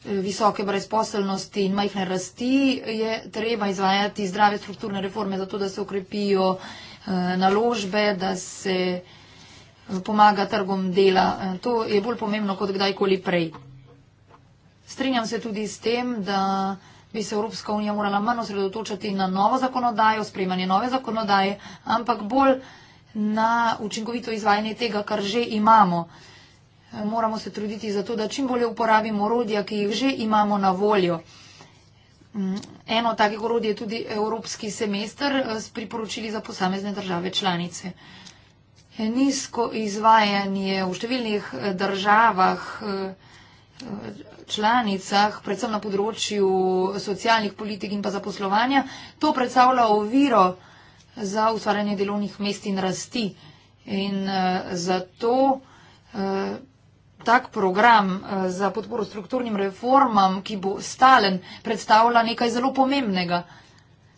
visoke brezposelnosti in majhne rasti, je treba izvajati zdrave strukturne reforme, zato da se ukrepijo eh, naložbe, da se eh, pomaga trgom dela. Eh, to je bolj pomembno kot kdajkoli prej. Strinjam se tudi s tem, da bi se Evropska unija morala manj osredotočati na novo zakonodajo, sprejmanje nove zakonodaje, ampak bolj na učinkovito izvajanje tega, kar že imamo moramo se truditi za to, da čim bolje uporabimo orodja, ki jih že imamo na voljo. Mm, eno takih orodij je tudi evropski semester eh, s priporočili za posamezne države članice. Eh, nizko izvajanje v številnih eh, državah, članicah, predvsem na področju socialnih politik in pa zaposlovanja, to predstavlja oviro za ustvarjanje delovnih mest in rasti. In zato tak program eh, za podporo strukturnim reformam, ki bo stalen, predstavlja nekaj zelo pomembnega.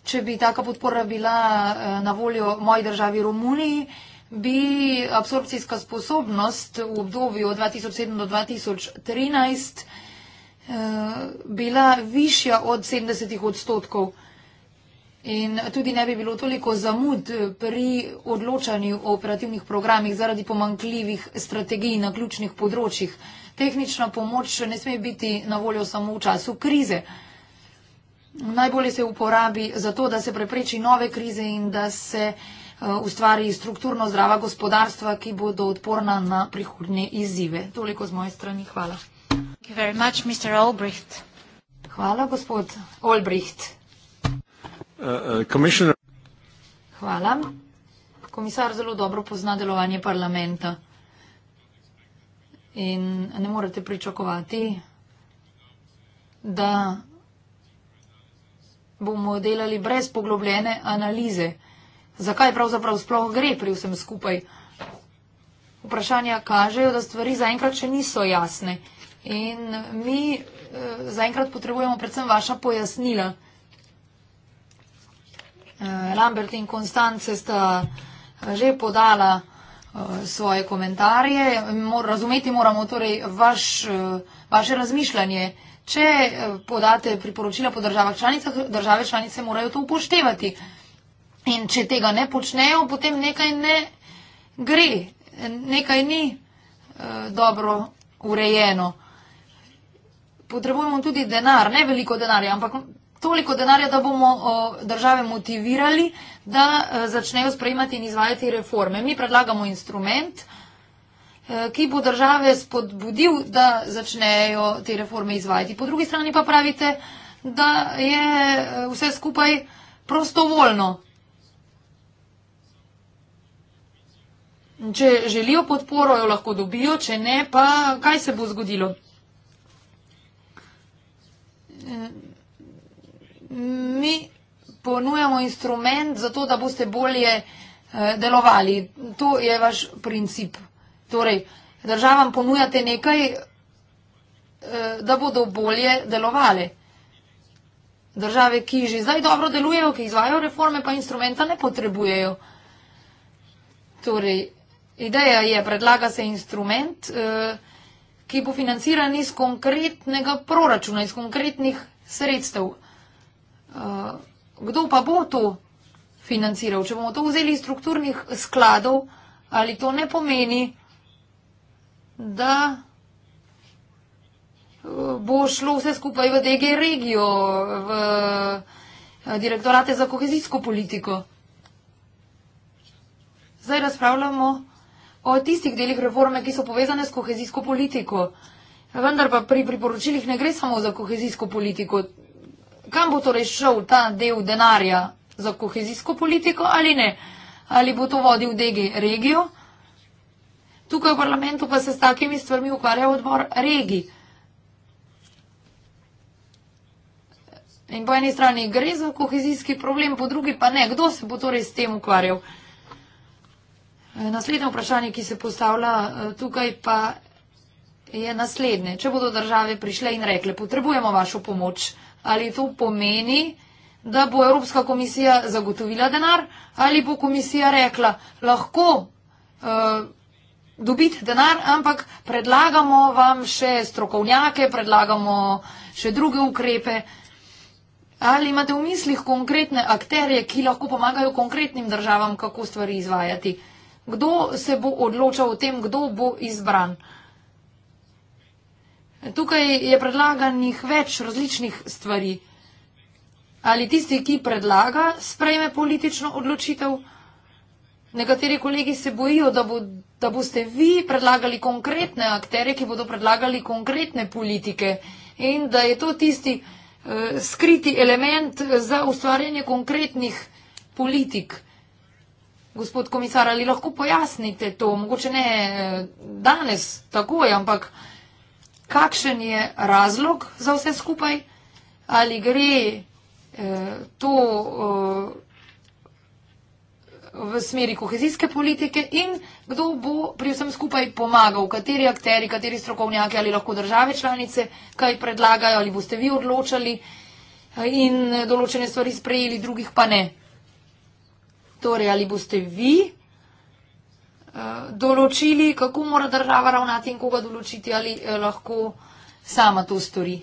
Če bi taka podpora bila eh, na voljo moji državi Romuniji, bi absorpcijska sposobnost v obdobju 2007 do 2013 eh, bila višja od 70 odstotkov. In tudi ne bi bilo toliko zamud pri odločanju o operativnih programih zaradi pomankljivih strategij na ključnih področjih. Tehnična pomoč ne sme biti na voljo samo v času krize. Najbolje se uporabi za to, da se prepreči nove krize in da se eh, ustvari strukturno zdrava gospodarstva, ki bodo odporna na prihodnje izzive. Toliko z moje strani. Hvala. Hvala, gospod Olbricht. Hvala. Komisar zelo dobro pozna delovanje parlamenta in ne morete pričakovati, da bomo delali brez poglobljene analize, zakaj pravzaprav sploh gre pri vsem skupaj. Vprašanja kažejo, da stvari zaenkrat še niso jasne in mi eh, zaenkrat potrebujemo predvsem vaša pojasnila. Eh, Lambert in Konstance sta eh, že podala eh, svoje komentarje. Mor, razumeti moramo torej vaš, vaše razmišljanje. Če podate priporočila po državah članicah, države članice morajo to upoštevati. In če tega ne počnejo, potem nekaj ne gre, nekaj ni dobro urejeno. Potrebujemo tudi denar, ne veliko denarja, ampak toliko denarja, da bomo države motivirali, da e, začnejo sprejemati in izvajati reforme. Mi predlagamo instrument, e, ki bo države spodbudil, da začnejo te reforme izvajati. Po drugi strani pa pravite, da je e, vse skupaj prostovoljno. Če želijo podporo, jo lahko dobijo, če ne, pa kaj se bo zgodilo? mi ponujamo instrument za to, da boste bolje eh, delovali. To je vaš princip. Torej, državam ponujate nekaj, eh, da bodo bolje delovali. Države, ki že zdaj dobro delujejo, ki izvajo reforme, pa instrumenta ne potrebujejo. Torej, ideja je, predlaga se instrument, eh, ki bo financiran iz konkretnega proračuna, iz konkretnih sredstev. Eh, kdo pa bo to financiral? Če bomo to vzeli iz strukturnih skladov, ali to ne pomeni, da eh, bo šlo vse skupaj v DG regijo, v eh, direktorate za kohezijsko politiko. Zdaj razpravljamo o tistih delih reforme, ki so povezane s kohezijsko politiko. Vendar pa pri priporočilih ne gre samo za kohezijsko politiko kam bo torej šel ta del denarja za kohezijsko politiko ali ne? Ali bo to vodil DG regijo? Tukaj v parlamentu pa se s takimi stvarmi ukvarja odbor regij. In po eni strani gre za kohezijski problem, po drugi pa ne. Kdo se bo torej s tem ukvarjal? E, naslednje vprašanje, ki se postavlja e, tukaj, pa je naslednje. Če bodo države prišle in rekle, potrebujemo vašo pomoč ali to pomeni, da bo Evropska komisija zagotovila denar ali bo komisija rekla, lahko uh, dobiti denar, ampak predlagamo vam še strokovnjake, predlagamo še druge ukrepe. Ali imate v mislih konkretne akterje, ki lahko pomagajo konkretnim državam, kako stvari izvajati? Kdo se bo odločal o tem, kdo bo izbran? Uh, Tukaj je predlaganih več različnih stvari. Ali tisti, ki predlaga, sprejme politično odločitev? Nekateri kolegi se bojijo, da, bo, da boste vi predlagali konkretne akterje, ki bodo predlagali konkretne politike in da je to tisti eh, skriti element za ustvarjanje konkretnih politik. Gospod komisar, ali lahko pojasnite to? Mogoče ne eh, danes takoj, ampak eh, kakšen je razlog za vse skupaj, ali gre eh, to eh, v smeri kohezijske politike in kdo bo pri vsem skupaj pomagal, kateri akteri, kateri strokovnjaki ali lahko države članice kaj predlagajo, ali boste vi odločali eh, in določene stvari sprejeli, drugih pa ne. Torej, ali boste vi določili, kako mora država ravnati in koga določiti, ali eh, lahko sama to stori.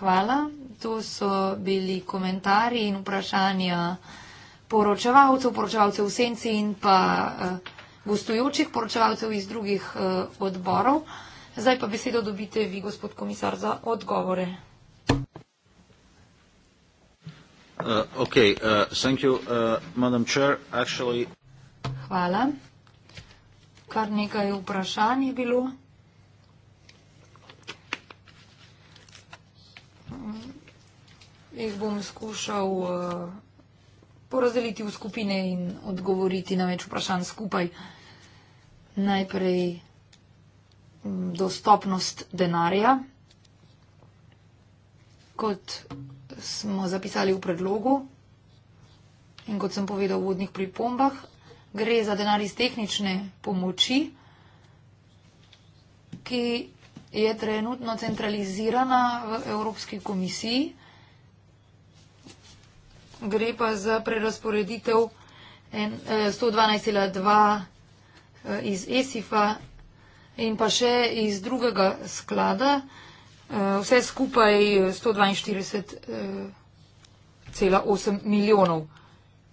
Hvala. To so bili komentarji in vprašanja poročevalcev, poročevalcev v senci in pa eh, gostujočih poročevalcev iz drugih eh, odborov. Zdaj pa besedo dobite vi, gospod komisar, za odgovore. Uh, okay, uh, thank you, uh, Madam Chair. Actually, Hvala. Kar nekaj vprašanj je bilo. Jih bom skušal eh, porazdeliti v skupine in odgovoriti na več vprašanj skupaj. Najprej mm, dostopnost denarja. Kot smo zapisali v predlogu in kot sem povedal v vodnih pripombah, gre za denar iz tehnične pomoči, ki je trenutno centralizirana v Evropski komisiji. Gre pa za prerasporeditev 112,2 eh, eh, iz ESIF-a in pa še iz drugega sklada, eh, vse skupaj 142,8 milijonov.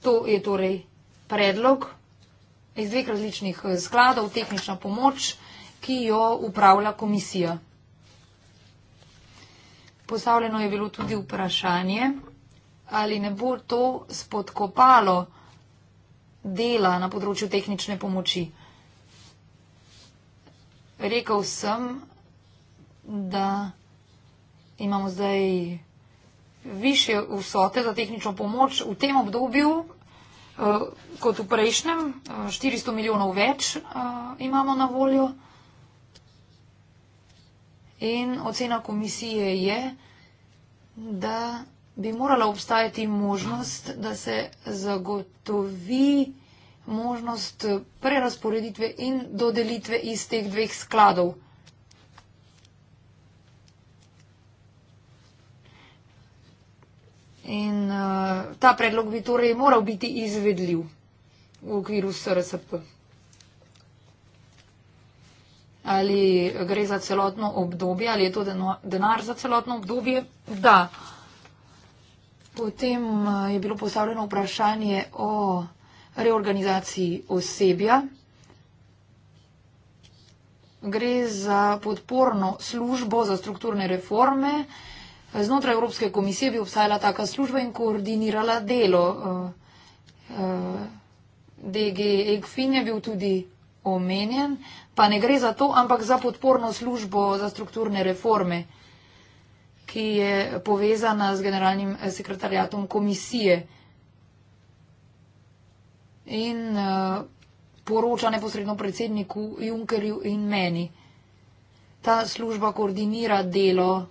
To je torej predlog iz dveh različnih eh, skladov tehnična pomoč, ki jo upravlja komisija. Postavljeno je bilo tudi vprašanje, ali ne bo to spodkopalo dela na področju tehnične pomoči. Rekel sem, da imamo zdaj više vsote za tehnično pomoč v tem obdobju, Eh, kot v prejšnjem, 400 eh, milijonov več eh, imamo na voljo. In ocena komisije je, da bi morala obstajati možnost, da se zagotovi možnost prerasporeditve in dodelitve iz teh dveh skladov. In uh, ta predlog bi torej moral biti izvedljiv v okviru SRSP. Ali gre za celotno obdobje, ali je to denar za celotno obdobje? Da. Potem eh, je bilo postavljeno vprašanje o reorganizaciji osebja. Gre za podporno službo za strukturne reforme. Znotraj Evropske komisije bi obstajala taka služba in koordinirala delo. Eh, eh, DG Egfin je bil tudi omenjen, pa ne gre za to, ampak za podporno službo za strukturne reforme, ki je povezana z generalnim eh, sekretarjatom komisije in poroča neposredno predsedniku Junkerju in meni. Ta služba koordinira delo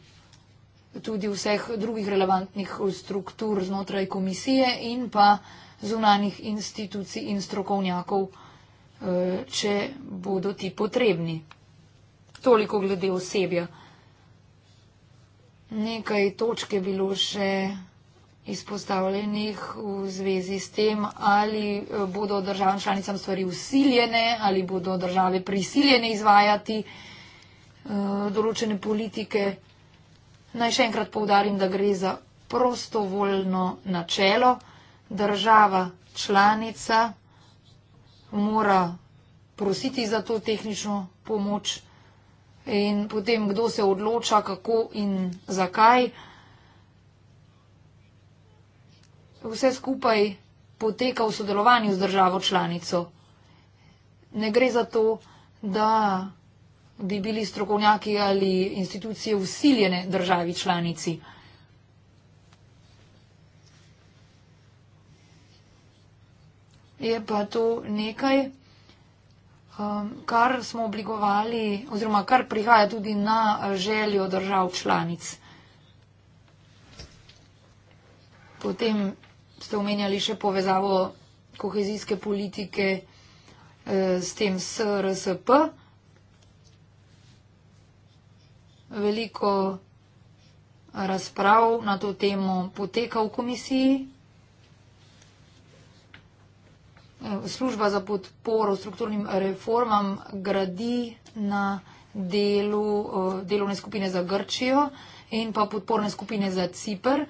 tudi vseh drugih relevantnih struktur znotraj komisije in pa zunanih institucij in strokovnjakov, eh, če bodo ti potrebni. Toliko glede osebja. Nekaj točk je bilo še izpostavljenih v zvezi s tem, ali eh, bodo državam članicam stvari usiljene, ali bodo države prisiljene izvajati uh, določene politike. Naj še enkrat povdarim, da gre za prostovoljno načelo. Država članica mora prositi za to tehnično pomoč in potem kdo se odloča, kako in zakaj. Vse skupaj poteka v sodelovanju z državo članico. Ne gre za to, da bi bili strokovnjaki ali institucije usiljene državi članici? Je pa to nekaj, um, kar smo oblikovali oziroma kar prihaja tudi na željo držav članic. Potem ste omenjali še povezavo kohezijske politike eh, s tem SRSP. veliko razprav na to temo poteka v komisiji. Služba za podporo strukturnim reformam gradi na delu eh, delovne skupine za Grčijo in pa podporne skupine za Cipr.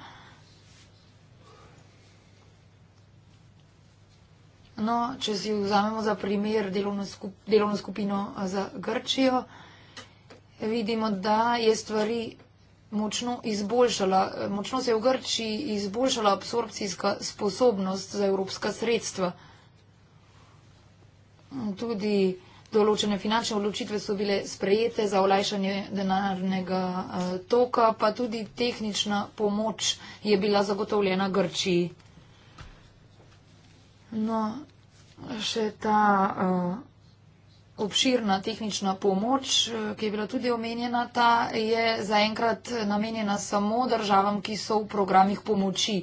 No, če si vzamemo za primer delovno skupino eh, za Grčijo, vidimo, da je stvari močno izboljšala, močno se je v Grčiji izboljšala absorpcijska sposobnost za evropska sredstva. Tudi določene finančne odločitve so bile sprejete za olajšanje denarnega eh, toka, pa tudi tehnična pomoč je bila zagotovljena Grčiji. No, še ta uh, obširna tehnična pomoč, eh, ki je bila tudi omenjena, ta je zaenkrat namenjena samo državam, ki so v programih pomoči.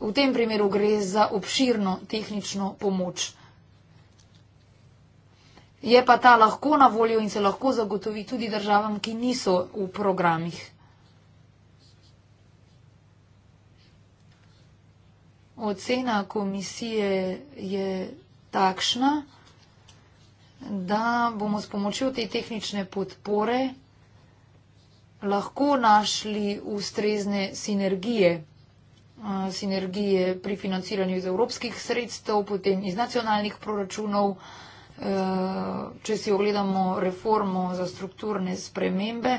V tem primeru gre za obširno tehnično pomoč. Je pa ta lahko na voljo in se lahko zagotovi tudi državam, ki niso v programih. Ocena komisije je takšna, da bomo s pomočjo te tehnične podpore lahko našli ustrezne sinergije. Sinergije pri financiranju iz evropskih sredstev, potem iz nacionalnih proračunov, e, če si ogledamo reformo za strukturne spremembe.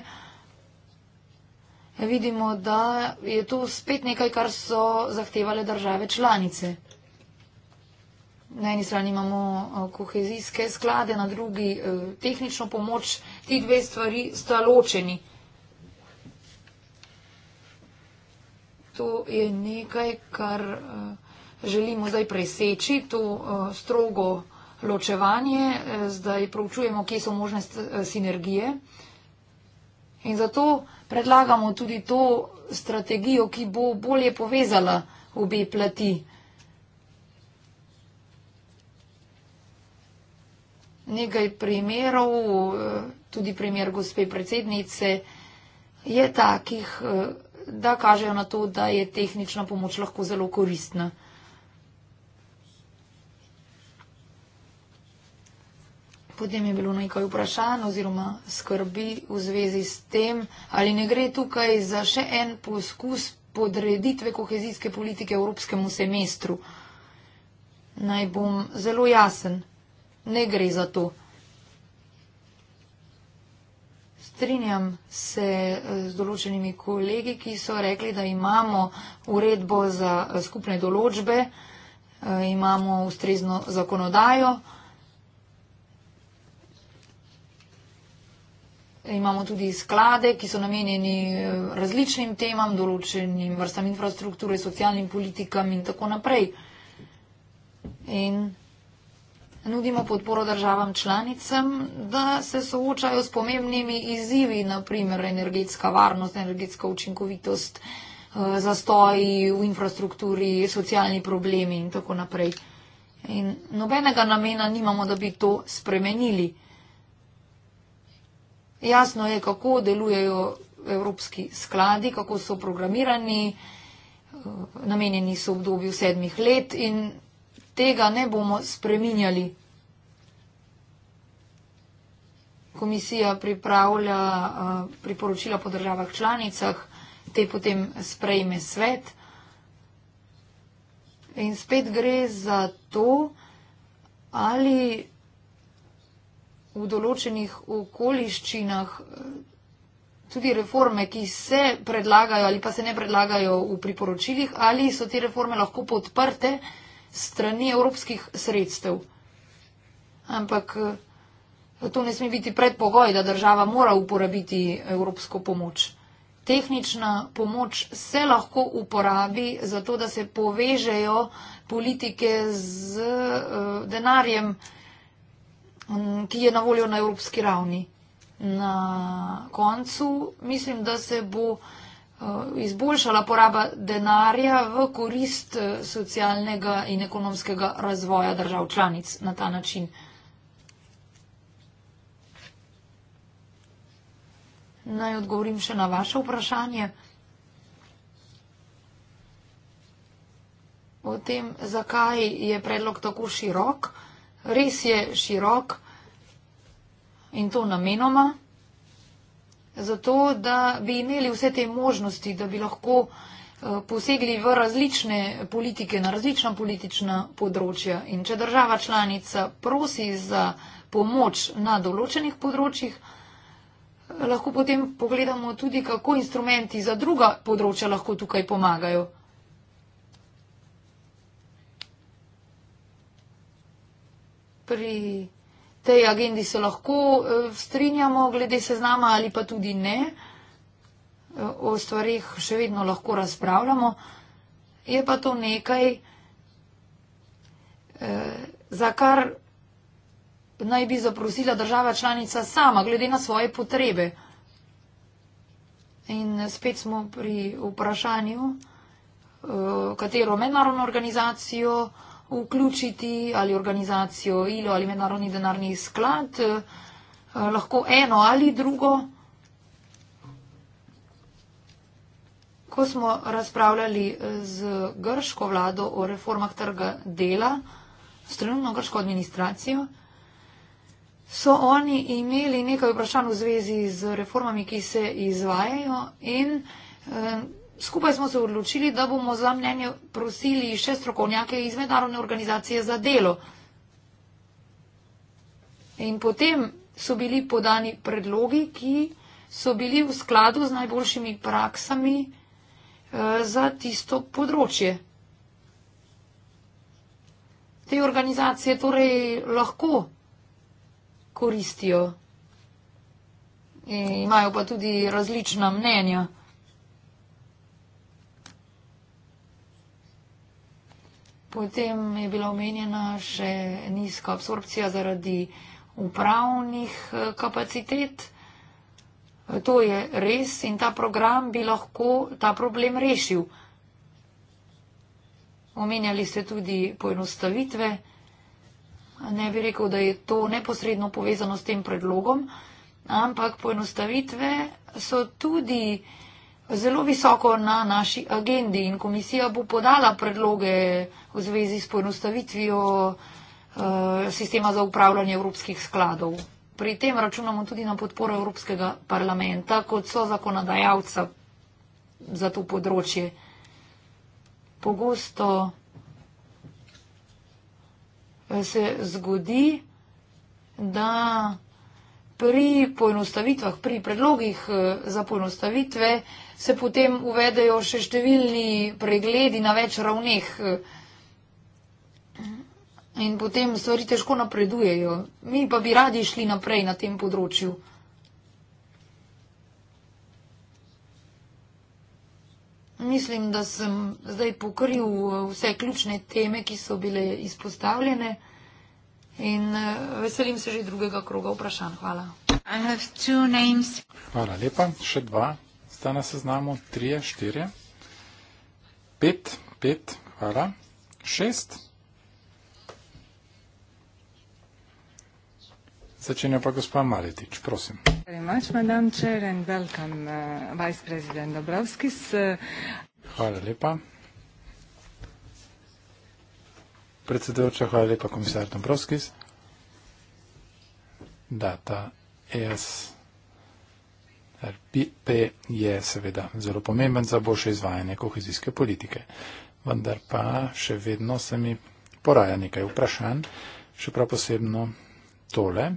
Vidimo, da je to spet nekaj, kar so zahtevale države članice na eni strani imamo eh, kohezijske sklade, na drugi eh, tehnično pomoč, ti dve stvari sta ločeni. To je nekaj, kar eh, želimo zdaj preseči, to strogo ločevanje, zdaj proučujemo, kje so možne sinergije. In zato predlagamo tudi to strategijo, ki bo bolje povezala obe plati. nekaj primerov, tudi primer gospe predsednice, je takih, da kažejo na to, da je tehnična pomoč lahko zelo koristna. Potem je bilo nekaj vprašanj oziroma skrbi v zvezi s tem, ali ne gre tukaj za še en poskus podreditve kohezijske politike Evropskemu semestru. Naj bom zelo jasen ne gre za to. Strinjam se eh, z določenimi kolegi, ki so rekli, da imamo uredbo za eh, skupne določbe, eh, imamo ustrezno zakonodajo, imamo tudi sklade, ki so namenjeni različnim temam, določenim vrstam infrastrukture, socialnim politikam in tako naprej. In nudimo podporo državam članicam, da se soočajo s pomembnimi izzivi, naprimer energetska varnost, energetska učinkovitost, eh, zastoji v infrastrukturi, socialni problemi in tako naprej. In nobenega namena nimamo, da bi to spremenili. Jasno je, kako delujejo evropski skladi, kako so programirani, eh, namenjeni so v obdobju sedmih let in tega ne bomo spreminjali. Komisija pripravlja uh, priporočila po državah članicah, te potem sprejme svet. In spet gre za to, ali v določenih okoliščinah eh, tudi reforme, ki se predlagajo ali pa se ne predlagajo v priporočilih, ali so te reforme lahko podprte strani evropskih sredstev. Ampak eh, to ne sme biti predpogoj, da država mora uporabiti evropsko pomoč. Tehnična pomoč se lahko uporabi za to, da se povežejo politike z eh, denarjem, ki je na voljo na evropski ravni. Na koncu mislim, da se bo. Eh, izboljšala poraba denarja v korist eh, socialnega in ekonomskega razvoja držav članic na ta način. Naj odgovorim še na vaše vprašanje o tem, zakaj je predlog tako širok. Res je širok in to namenoma zato da bi imeli vse te možnosti, da bi lahko eh, posegli v različne politike, na različna politična področja. In če država članica prosi za pomoč na določenih področjih, lahko potem pogledamo tudi, kako instrumenti za druga področja lahko tukaj pomagajo. Pri tej agendi se lahko eh, strinjamo glede seznama ali pa tudi ne. Eh, o stvarih še vedno lahko razpravljamo. Je pa to nekaj, eh, za kar naj bi zaprosila država članica sama, glede na svoje potrebe. In spet smo pri vprašanju, katero mednarodno organizacijo, vključiti ali organizacijo ILO ali mednarodni denarni sklad, eh, lahko eno ali drugo. Ko smo razpravljali eh, z grško vlado o reformah trga dela, s trenutno grško administracijo, so oni imeli nekaj vprašanj v zvezi z reformami, ki se izvajajo in eh, Skupaj smo se odločili, da bomo za mnenje prosili še strokovnjake iz mednarodne organizacije za delo. In potem so bili podani predlogi, ki so bili v skladu z najboljšimi praksami eh, za tisto področje. Te organizacije torej lahko koristijo, imajo pa tudi različna mnenja. Potem je bila omenjena še nizka absorpcija zaradi upravnih eh, kapacitet. To je res in ta program bi lahko ta problem rešil. Omenjali ste tudi poenostavitve. Ne bi rekel, da je to neposredno povezano s tem predlogom, ampak poenostavitve so tudi zelo visoko na naši agendi in komisija bo podala predloge v zvezi s poenostavitvijo eh, sistema za upravljanje evropskih skladov. Pri tem računamo tudi na podporo Evropskega parlamenta kot so zakonodajalca za to področje. Pogosto eh, se zgodi, da pri poenostavitvah, pri predlogih eh, za poenostavitve eh, se potem uvedejo še številni pregledi na več ravneh in potem stvari težko napredujejo. Mi pa bi radi šli naprej na tem področju. Mislim, da sem zdaj pokril eh, vse ključne teme, ki so bile izpostavljene in eh, veselim se že drugega kroga vprašanj. Hvala.
Hvala lepa. Še dva sta na seznamu, tri, štiri, pet, pet, hvala, šest. Začenja pa gospa Maletič, prosim.
Uh, uh,
hvala lepa. Predsedujoča, hvala lepa komisar Dombrovskis. Data ES. RPP je seveda zelo pomemben za boljše izvajanje kohezijske politike. Vendar pa še vedno se mi poraja nekaj vprašanj, še prav posebno tole.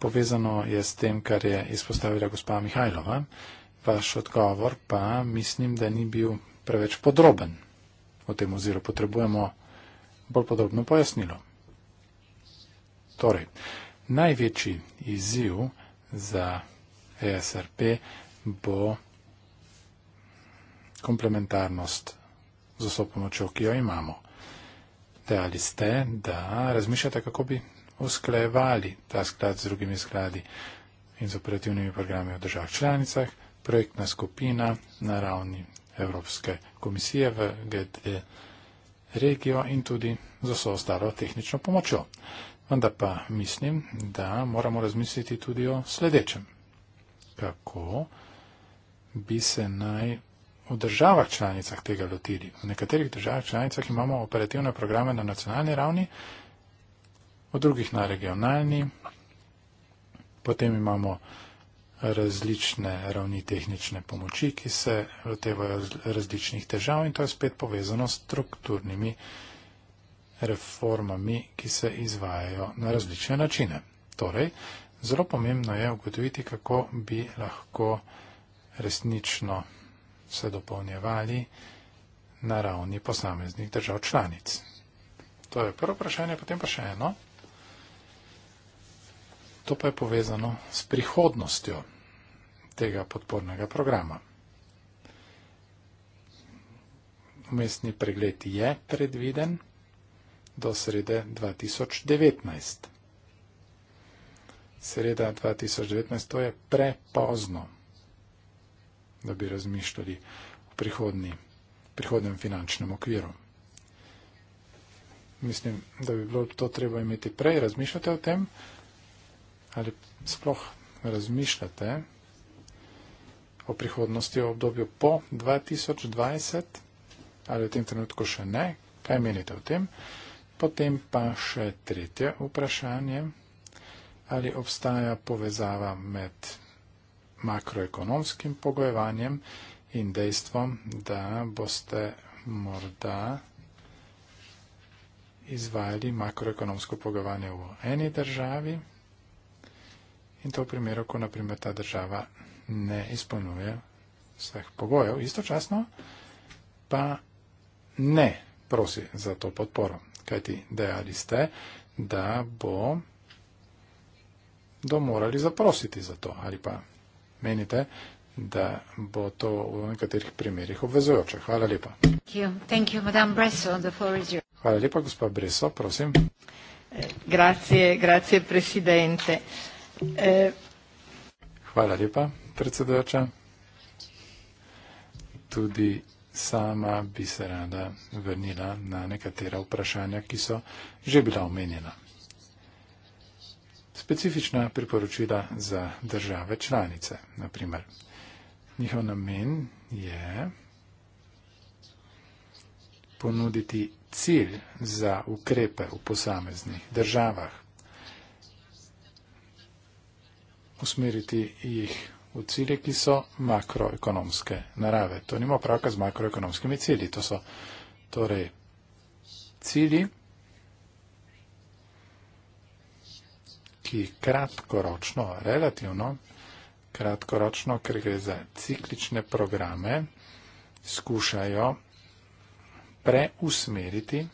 Povezano je s tem, kar je izpostavila gospa Mihajlova, vaš odgovor pa mislim, da ni bil preveč podroben o tem oziru. Potrebujemo bolj podrobno pojasnilo. Torej, največji izziv za ESRP bo komplementarnost z vso pomočjo, ki jo imamo. Dejali ste, da razmišljate, kako bi usklejevali ta sklad z drugimi skladi in z operativnimi programi v državah članicah, projektna skupina na ravni Evropske komisije v GD regijo in tudi z vso ostalo tehnično pomočjo. Vendar pa mislim, da moramo razmisliti tudi o sledečem kako bi se naj v državah članicah tega lotili. V nekaterih državah članicah imamo operativne programe na nacionalni ravni, v drugih na regionalni, potem imamo različne ravni tehnične pomoči, ki se lotevajo različnih težav in to je spet povezano s strukturnimi reformami, ki se izvajajo na različne načine. Torej, Zelo pomembno je ugotoviti, kako bi lahko resnično se dopolnjevali na ravni posameznih držav članic. To je prvo vprašanje, potem pa še eno. To pa je povezano s prihodnostjo tega podpornega programa. Umestni pregled je predviden do srede 2019 sreda 2019, to je prepozno, da bi razmišljali v prihodnji, prihodnem finančnem okviru. Mislim, da bi bilo to treba imeti prej, razmišljate o tem ali sploh razmišljate o prihodnosti v obdobju po 2020 ali v tem trenutku še ne, kaj menite o tem. Potem pa še tretje vprašanje ali obstaja povezava med makroekonomskim pogojevanjem in dejstvom, da boste morda izvajali makroekonomsko pogojevanje v eni državi in to v primeru, ko naprimer ta država ne izpolnjuje vseh pogojev. Istočasno pa ne prosi za to podporo, kajti dejali ste, da bo bodo morali zaprositi za to. Ali pa menite, da bo to v nekaterih primerjih obvezujoče. Hvala lepa.
Thank you. Thank you, Bresso,
Hvala lepa, gospod Breso, prosim.
Eh, grazie, grazie, presidente. Eh.
Hvala lepa, predsedujoča. Tudi sama bi se rada vrnila na nekatera vprašanja, ki so že bila omenjena specifična priporočila za države članice. Naprimer, njihov namen je ponuditi cilj za ukrepe v posameznih državah, usmeriti jih v cilje, ki so makroekonomske narave. To nima opravka z makroekonomskimi cilji. To so torej cilji, ki kratkoročno, relativno kratkoročno, ker gre za ciklične programe, skušajo preusmeriti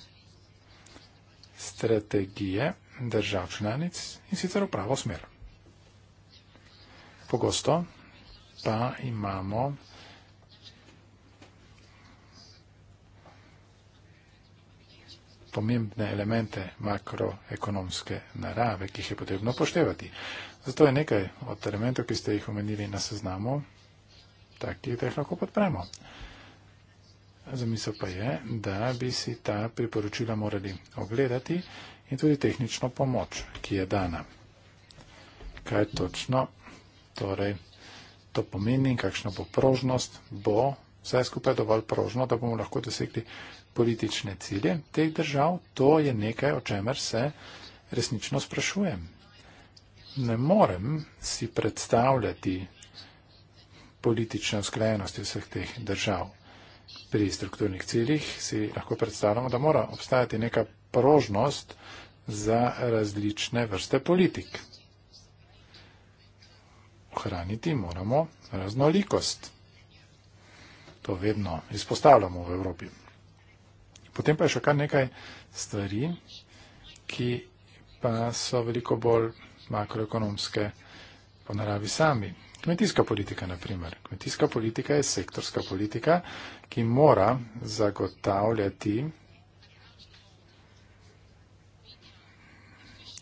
strategije držav članic in sicer v pravo smer. Pogosto pa imamo pomembne elemente makroekonomske narave, ki jih je potrebno poštevati. Zato je nekaj od elementov, ki ste jih omenili na seznamu, takih, da jih lahko podpremo. Zamisel pa je, da bi si ta priporočila morali ogledati in tudi tehnično pomoč, ki je dana. Kaj točno torej, to pomeni in kakšna bo prožnost, bo vse skupaj dovolj prožno, da bomo lahko dosegli politične cilje teh držav, to je nekaj, o čemer se resnično sprašujem. Ne morem si predstavljati politične usklajenosti vseh teh držav. Pri strukturnih ciljih si lahko predstavljamo, da mora obstajati neka prožnost za različne vrste politik. Ohraniti moramo raznolikost to vedno izpostavljamo v Evropi. Potem pa je še kar nekaj stvari, ki pa so veliko bolj makroekonomske po naravi sami. Kmetijska politika, na primer. Kmetijska politika je sektorska politika, ki mora zagotavljati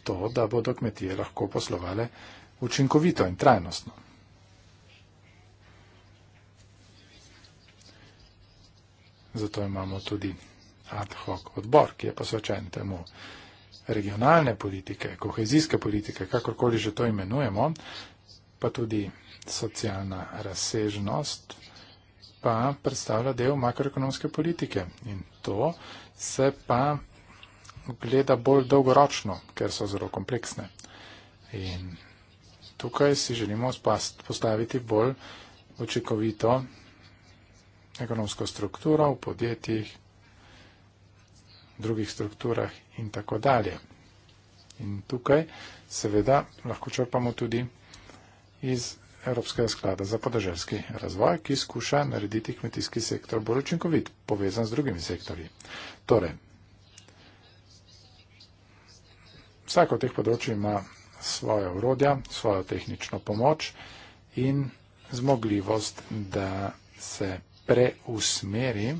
to, da bodo kmetije lahko poslovale učinkovito in trajnostno. zato imamo tudi ad hoc odbor, ki je posvečen temu regionalne politike, kohezijske politike, kakorkoli že to imenujemo, pa tudi socialna razsežnost, pa predstavlja del makroekonomske politike. In to se pa gleda bolj dolgoročno, ker so zelo kompleksne. In tukaj si želimo postaviti bolj učinkovito ekonomsko strukturo v podjetjih, drugih strukturah in tako dalje. In tukaj seveda lahko črpamo tudi iz Evropskega sklada za podeželski razvoj, ki skuša narediti kmetijski sektor bolj učinkovit, povezan z drugimi sektorji. Torej, vsako od teh področji ima svoje urodja, svojo tehnično pomoč in zmogljivost, da se preusmeri,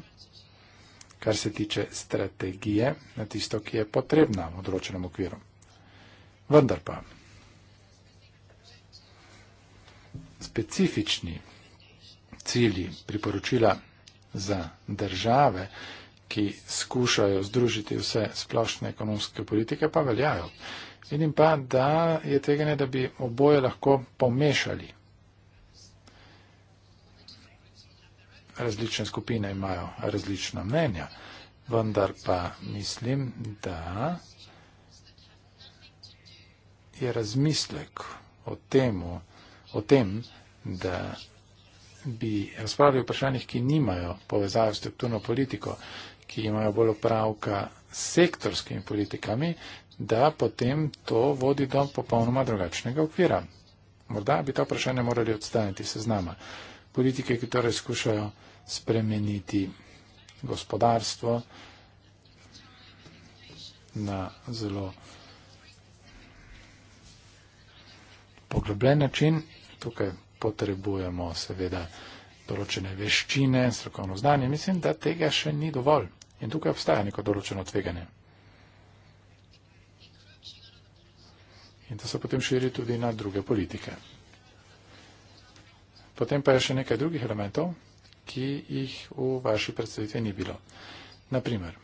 kar se tiče strategije, na tisto, ki je potrebna v odročenem okviru. Vendar pa specifični cilji priporočila za države, ki skušajo združiti vse splošne ekonomske politike, pa veljajo. Vidim pa, da je tega ne, da bi oboje lahko pomešali. različne skupine imajo različna mnenja, vendar pa mislim, da je razmislek o, temu, o tem, da bi razpravljali o vprašanjih, ki nimajo povezave s strukturno politiko, ki imajo bolj opravka s sektorskimi politikami, da potem to vodi do popolnoma drugačnega okvira. Morda bi ta vprašanja morali odstaniti seznama politike, ki torej skušajo spremeniti gospodarstvo na zelo poglobljen način. Tukaj potrebujemo seveda določene veščine, strokovno znanje. Mislim, da tega še ni dovolj in tukaj obstaja neko določeno tveganje. In to se potem širi tudi na druge politike. Potem pa je še nekaj drugih elementov, ki jih v vaši predstavitvi ni bilo. Naprimer,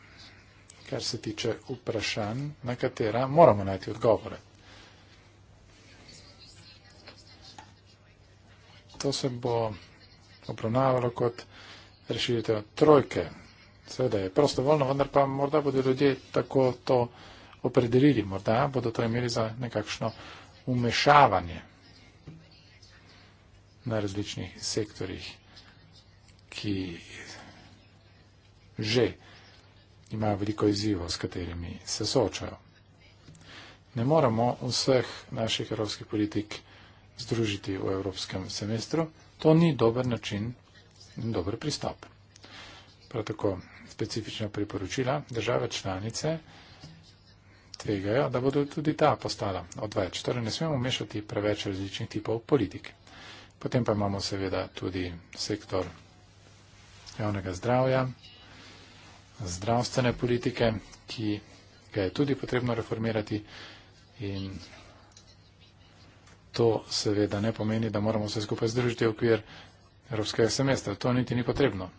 kar se tiče vprašanj, na katera moramo najti odgovore. To se bo obravnavalo kot rešitev trojke. Seveda je prostovoljno, vendar pa morda bodo ljudje tako to opredelili, morda bodo to imeli za nekakšno umešavanje na različnih sektorjih, ki že imajo veliko izzivov, s katerimi se soočajo. Ne moramo vseh naših evropskih politik združiti v evropskem semestru. To ni dober način in dober pristop. Prav tako specifična priporočila države članice tvegajo, da bodo tudi ta postala odveč. Torej ne smemo mešati preveč različnih tipov politik. Potem pa imamo seveda tudi sektor javnega zdravja, zdravstvene politike, ki ga je tudi potrebno reformirati in to seveda ne pomeni, da moramo vse skupaj združiti v okvir Evropskega semestra. To niti ni potrebno.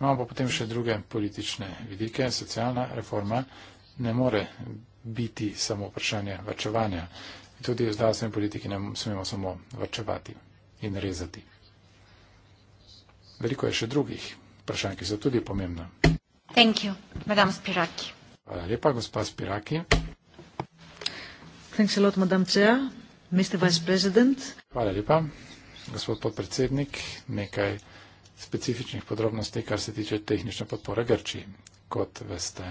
Imamo pa potem še druge politične vidike. Socialna reforma ne more biti samo vprašanje vrčevanja. In tudi v zdravstveni politiki ne smemo samo vrčevati in rezati. Veliko je še drugih vprašanj, ki so tudi pomembna.
Thank you, madam Spiraki.
Hvala lepa, gospa Spiraki.
Thanks a lot, madam Chair, Mr. Vice President.
Hvala lepa, gospod podpredsednik. Nekaj specifičnih podrobnosti, kar se tiče tehnične podpore Grčiji. Kot veste,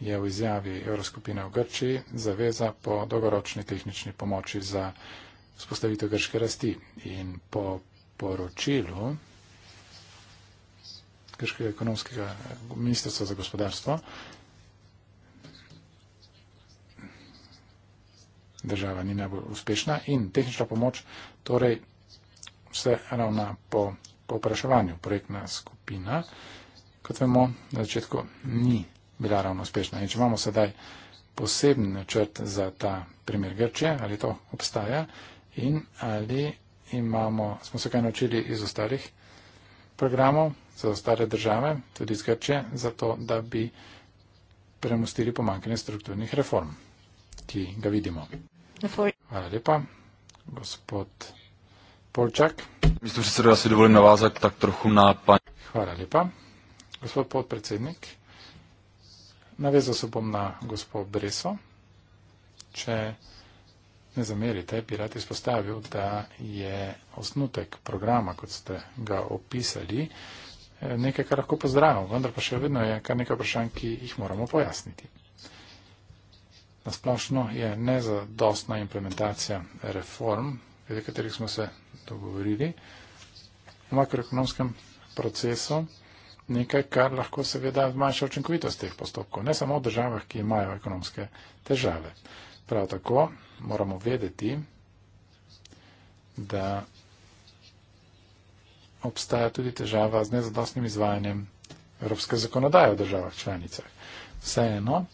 je v izjavi Evroskupine v Grčiji zaveza po dolgoročni tehnični pomoči za spostavitev grške rasti in po poročilu Grškega ekonomskega ministrstva za gospodarstvo država ni najbolj uspešna in tehnična pomoč torej se ravna po povpraševanju. Projektna skupina, kot vemo, na začetku ni bila ravno uspešna. In če imamo sedaj poseben načrt za ta primer Grčije, ali to obstaja in ali imamo, smo se kaj naučili iz ostalih programov za ostale države, tudi iz Grčije, zato da bi premustili pomankanje strukturnih reform, ki ga vidimo. Hvala lepa, gospod Polčak. Mislim, da se dovolim navazati tako trochu na pa. Hvala lepa, gospod podpredsednik. Navezal se bom na gospod Breso. Če ne zamerite, bi rad izpostavil, da je osnutek programa, kot ste ga opisali, nekaj, kar lahko pozdravim, vendar pa še vedno je kar nekaj vprašanj, ki jih moramo pojasniti. Nasplošno je nezadostna implementacija reform, glede katerih smo se dogovorili, v makroekonomskem procesu nekaj, kar lahko seveda zmanjša učinkovitost teh postopkov, ne samo v državah, ki imajo ekonomske težave. Prav tako moramo vedeti, da obstaja tudi težava z nezadostnim izvajanjem evropske zakonodaje v državah članicah. Vseeno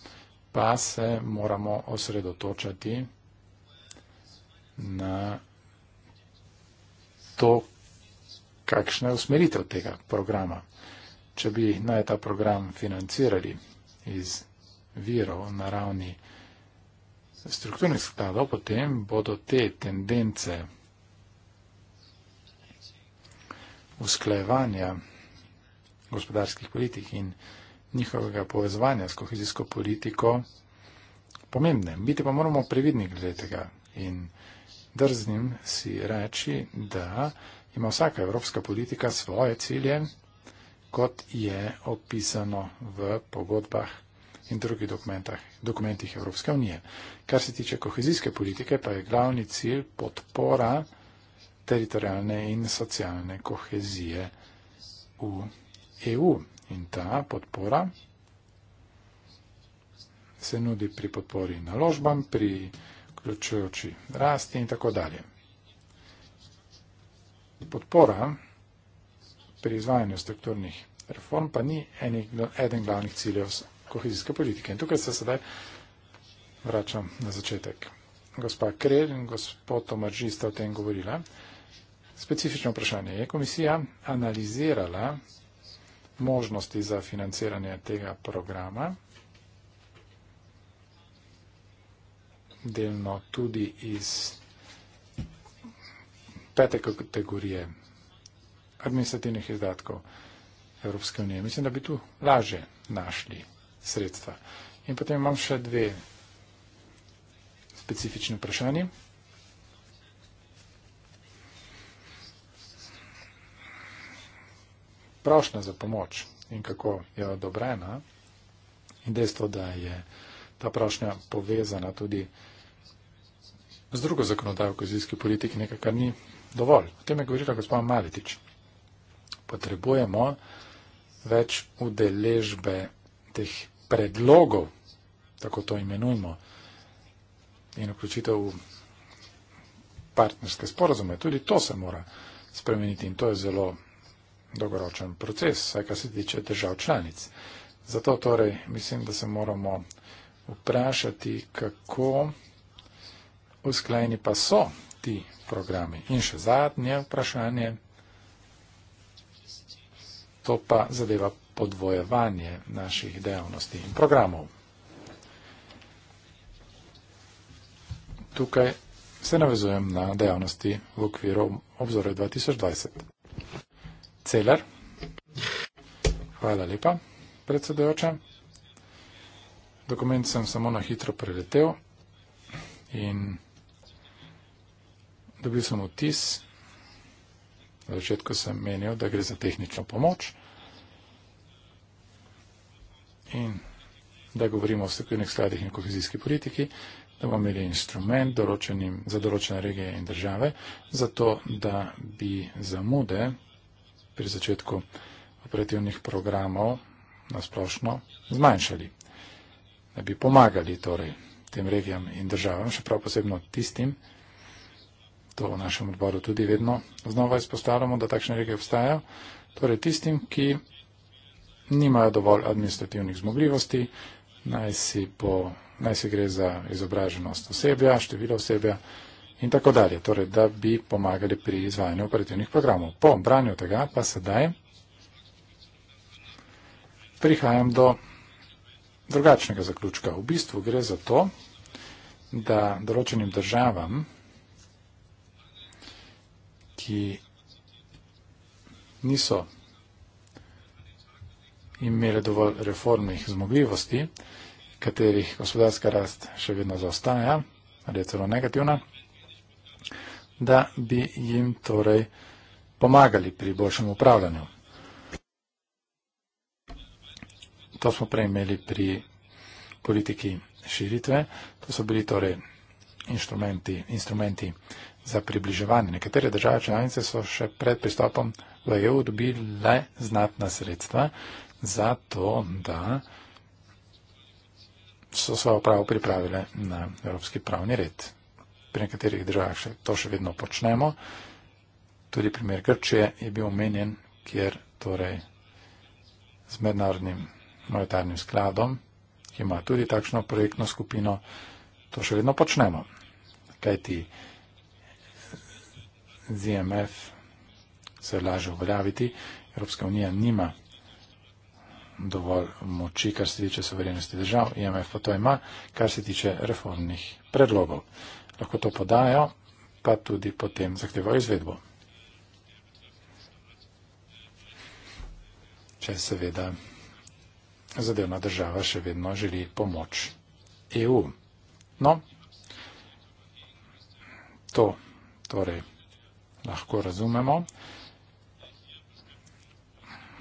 pa se moramo osredotočati na to, kakšna je usmeritev tega programa če bi naj ta program financirali iz virov na ravni strukturnih skladov, potem bodo te tendence usklajevanja gospodarskih politik in njihovega povezovanja s kohezijsko politiko pomembne. Biti pa moramo previdni glede tega in drznim si reči, da ima vsaka evropska politika svoje cilje kot je opisano v pogodbah in drugih dokumentih Evropske unije. Kar se tiče kohezijske politike, pa je glavni cilj podpora teritorijalne in socialne kohezije v EU. In ta podpora se nudi pri podpori naložbam, pri vključujoči rasti in tako dalje. Podpora pri izvajanju strukturnih reform pa ni enih, eden glavnih ciljev kohezijske politike. In tukaj se sedaj vračam na začetek. Gospa Krelj in gospod Tomarži sta o tem govorila. Specifično vprašanje. Je komisija analizirala možnosti za financiranje tega programa, delno tudi iz pete kategorije administrativnih izdatkov Evropske unije. Mislim, da bi tu laže našli sredstva. In potem imam še dve specifični vprašanji. Prošnja za pomoč in kako je odobrena in dejstvo, da je ta prošnja povezana tudi z drugo zakonodajo kozijski politiki, nekaj, kar ni dovolj. O tem je govorila gospod Maletič potrebujemo več udeležbe teh predlogov, tako to imenujemo, in vključitev v partnerske sporozume. Tudi to se mora spremeniti in to je zelo dolgoročen proces, vsaj kar se tiče držav članic. Zato torej mislim, da se moramo vprašati, kako usklajeni pa so ti programi. In še zadnje vprašanje to pa zadeva podvojevanje naših dejavnosti in programov. Tukaj se navezujem na dejavnosti v okviru obzore 2020. Celer. Hvala lepa, predsedojoča. Dokument sem samo na hitro preletel in dobil sem vtis, Na začetku sem menil, da gre za tehnično pomoč in da govorimo o strukturnih skladih in kohezijski politiki, da bomo imeli instrument za določene regije in države, zato da bi zamude pri začetku operativnih programov nasplošno zmanjšali, da bi pomagali torej tem regijam in državam, še prav posebno tistim, ki so to v našem odboru tudi vedno znova izpostavljamo, da takšne regije obstajajo, torej tistim, ki nimajo dovolj administrativnih zmogljivosti, naj si, po, naj si gre za izobraženost osebja, število osebja in tako dalje, torej da bi pomagali pri izvajanju operativnih programov. Po branju tega pa sedaj prihajam do drugačnega zaključka. V bistvu gre za to, da določenim državam ki niso imeli dovolj reformnih zmogljivosti, katerih gospodarska rast še vedno zaostaja, ali je celo negativna, da bi jim torej pomagali pri boljšem upravljanju. To smo prej imeli pri politiki širitve, to so bili torej inštrumenti, inštrumenti za približevanje. Nekatere države članice so še pred pristopom v EU dobile znatna sredstva za to, da so svojo pravo pripravile na evropski pravni red. Pri nekaterih državah še, to še vedno počnemo. Tudi primer Grčije je bil omenjen, kjer torej z mednarodnim monetarnim skladom, ki ima tudi takšno projektno skupino, to še vedno počnemo. Kaj ti? z IMF se lažje uveljaviti. Evropska unija nima dovolj moči, kar se tiče soverenosti držav, IMF pa to ima, kar se tiče reformnih predlogov. Lahko to podajo, pa tudi potem zahtevajo izvedbo. Če seveda zadevna država še vedno želi pomoč EU. No, to torej lahko razumemo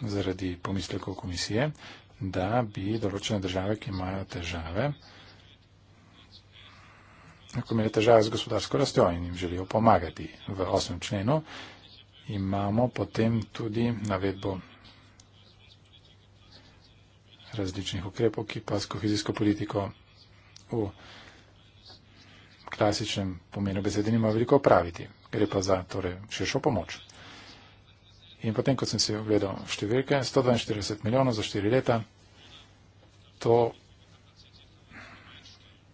zaradi pomislekov komisije, da bi določene države, ki imajo težave, ko imajo težave z gospodarsko rastjo in jim želijo pomagati. V 8. členu imamo potem tudi navedbo različnih ukrepov, ki pa s kohezijsko politiko v klasičnem pomenu besede nima veliko opraviti gre pa za torej, širšo pomoč. In potem, ko sem si ogledal številke, 142 milijonov za 4 leta, to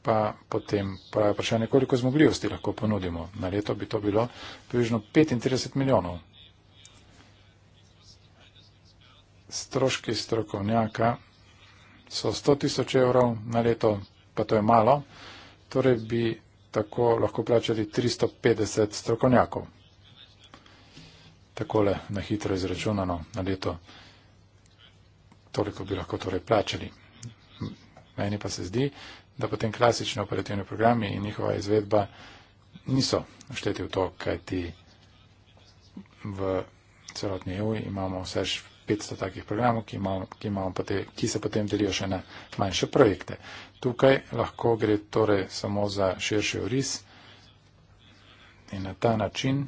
pa potem pravi vprašanje, koliko zmogljivosti lahko ponudimo. Na leto bi to bilo približno 35 milijonov. Stroški strokovnjaka so 100 tisoč evrov na leto, pa to je malo. Torej bi tako lahko plačati 350 strokovnjakov. Takole na hitro izračunano na leto. Toliko bi lahko torej plačali. Meni pa se zdi, da potem klasični operativni programi in njihova izvedba niso šteti v to, kaj ti v celotni EU imamo vse 500 takih programov, ki, imamo, ki, imamo potem, ki se potem delijo še na manjše projekte. Tukaj lahko gre torej samo za širši oris in na ta način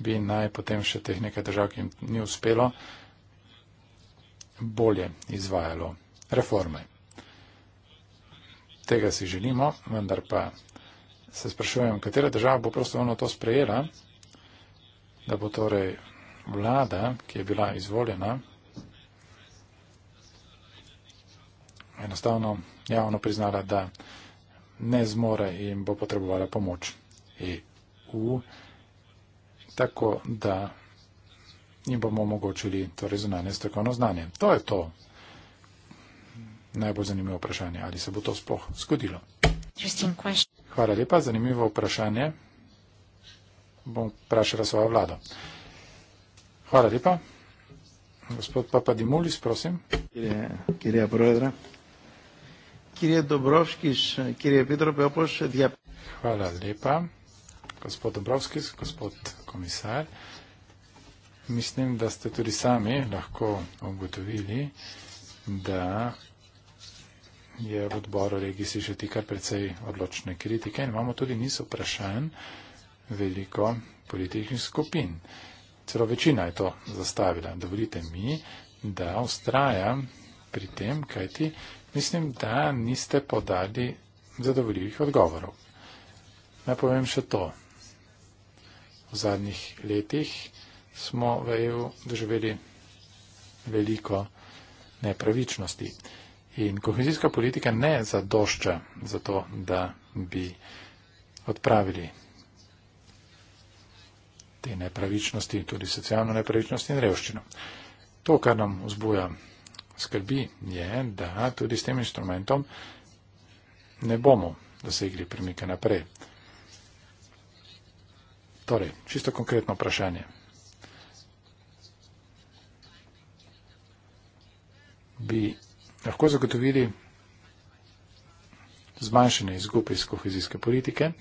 bi naj potem še teh nekaj držav, ki jim ni uspelo, bolje izvajalo reforme. Tega si želimo, vendar pa se sprašujem, katera država bo prostovoljno to sprejela, da bo torej vlada, ki je bila izvoljena, enostavno javno priznala, da ne zmore in bo potrebovala pomoč EU, tako da jim bomo omogočili to rezonanje strokovno znanje. To je to najbolj zanimivo vprašanje, ali se bo to sploh zgodilo. Hvala lepa, zanimivo vprašanje. Bom vprašala svojo vlado. Hvala lepa. Gospod Papa Dimulis, prosim. Kirje, kirje Proedra. Kirje Dobrovskis, kirje Petro Peopoš, Dijap. Hvala lepa. Gospod Dobrovskis, gospod komisar. Mislim, da ste tudi sami lahko ugotovili, da je v odboru regij si že tikar precej odločne kritike in imamo tudi niz vprašanj veliko političnih skupin celo večina je to zastavila. Dovolite mi, da ustrajam pri tem, kajti mislim, da niste podali zadovoljivih odgovorov. Naj povem še to. V zadnjih letih smo v EU doživeli veliko nepravičnosti. In kohezijska politika ne zadošča za to, da bi odpravili te nepravičnosti, tudi socialno nepravičnost in revščino. To, kar nam vzbuja skrbi, je, da tudi s tem instrumentom ne bomo dosegli premike naprej. Torej, čisto konkretno vprašanje. Bi lahko zagotovili zmanjšanje izgub iz kohezijske politike,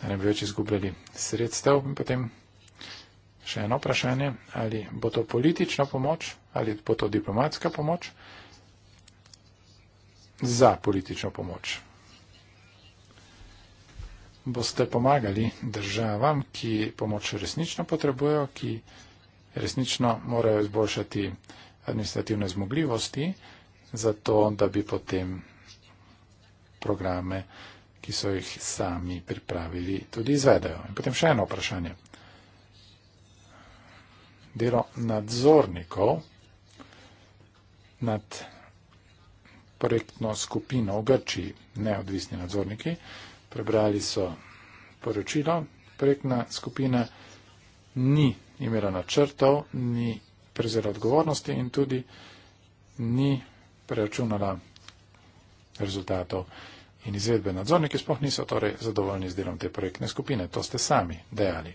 da ne bi več izgubljali sredstev in potem še eno vprašanje, ali bo to politična pomoč ali bo to diplomatska pomoč za politično pomoč. Boste pomagali državam, ki pomoč resnično potrebujejo, ki resnično morajo izboljšati administrativne zmogljivosti, zato da bi potem programe, ki so jih sami pripravili, tudi izvedajo. In potem še eno vprašanje delo nadzornikov nad projektno skupino v Grčiji, neodvisni nadzorniki. Prebrali so poročilo, projektna skupina ni imela načrtov, ni prezela odgovornosti in tudi ni preračunala rezultatov in izvedbe nadzornike sploh niso torej zadovoljni z delom te projektne skupine. To ste sami dejali.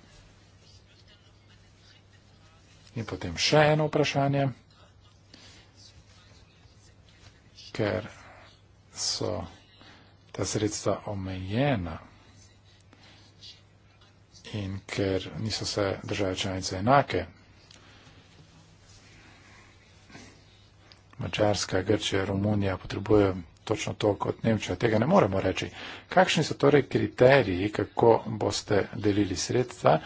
In potem še eno vprašanje, ker so ta sredstva omejena in ker niso vse države članice enake. Mačarska, Grčija, Romunija potrebujejo točno to kot Nemčija. Tega ne moremo reči. Kakšni so torej kriteriji, kako boste delili sredstva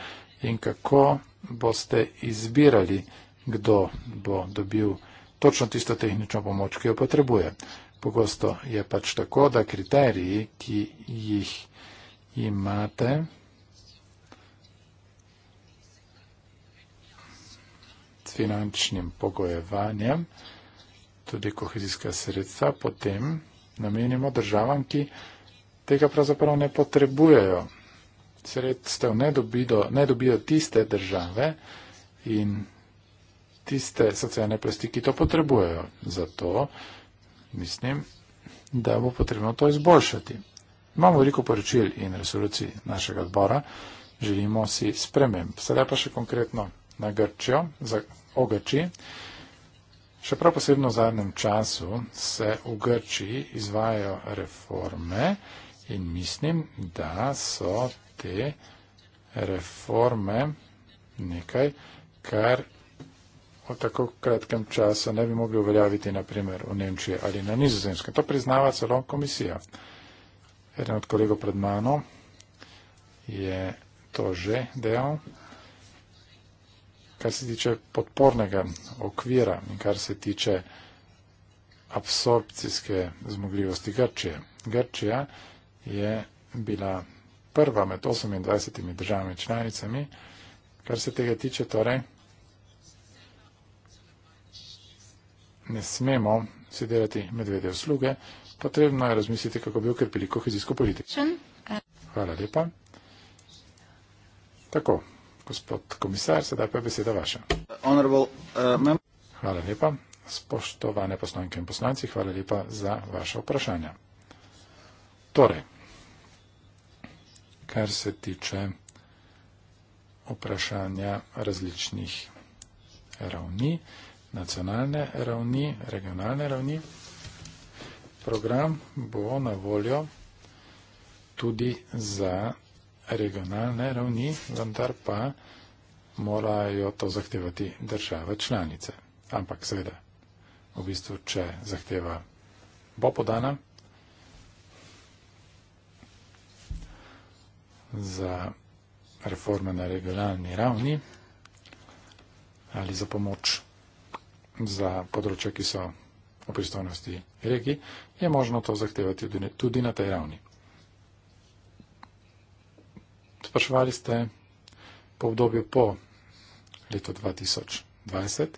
in kako boste izbirali, kdo bo dobil točno tisto tehnično pomoč, ki jo potrebuje. Pogosto je pač tako, da kriteriji, ki jih imate, s finančnim pogojevanjem, tudi kohezijska sredstva, potem namenimo državam, ki tega pravzaprav ne potrebujejo sredstev ne, dobido, ne dobijo tiste države in tiste socialne plasti, ki to potrebujejo. Zato mislim, da bo potrebno to izboljšati. Imamo veliko poročil in resolucij našega odbora, želimo si sprememb. Sedaj pa še konkretno na Grčijo, za ogači. Še prav posebno v zadnjem času se v Grčiji izvajajo reforme in mislim, da so te reforme nekaj, kar v tako kratkem času ne bi mogli uveljaviti, naprimer v Nemčiji ali na nizozemske. To priznava celo komisija. Eden od kolegov pred mano je to že dejal. Kar se tiče podpornega okvira in kar se tiče absorpcijske zmogljivosti Grčije. Grčija je bila prva med 28 državami članicami, kar se tega tiče torej, ne smemo si delati medvede usluge, potrebno je razmisliti, kako bi ukrepili kohezijsko politiko. Eh. Hvala lepa. Tako, gospod komisar, sedaj pa je beseda vaša.
Eh,
hvala lepa. Spoštovane poslanke in poslanci, hvala lepa za vaše vprašanje. Torej, kar se tiče vprašanja različnih ravni, nacionalne ravni, regionalne ravni. Program bo na voljo tudi za regionalne ravni, vendar pa morajo to zahtevati države članice. Ampak seveda, v bistvu, če zahteva bo podana, za reforme na regionalni ravni ali za pomoč za področja, ki so v pristojnosti regij, je možno to zahtevati tudi na tej ravni. Sprašvali ste po obdobju po letu 2020.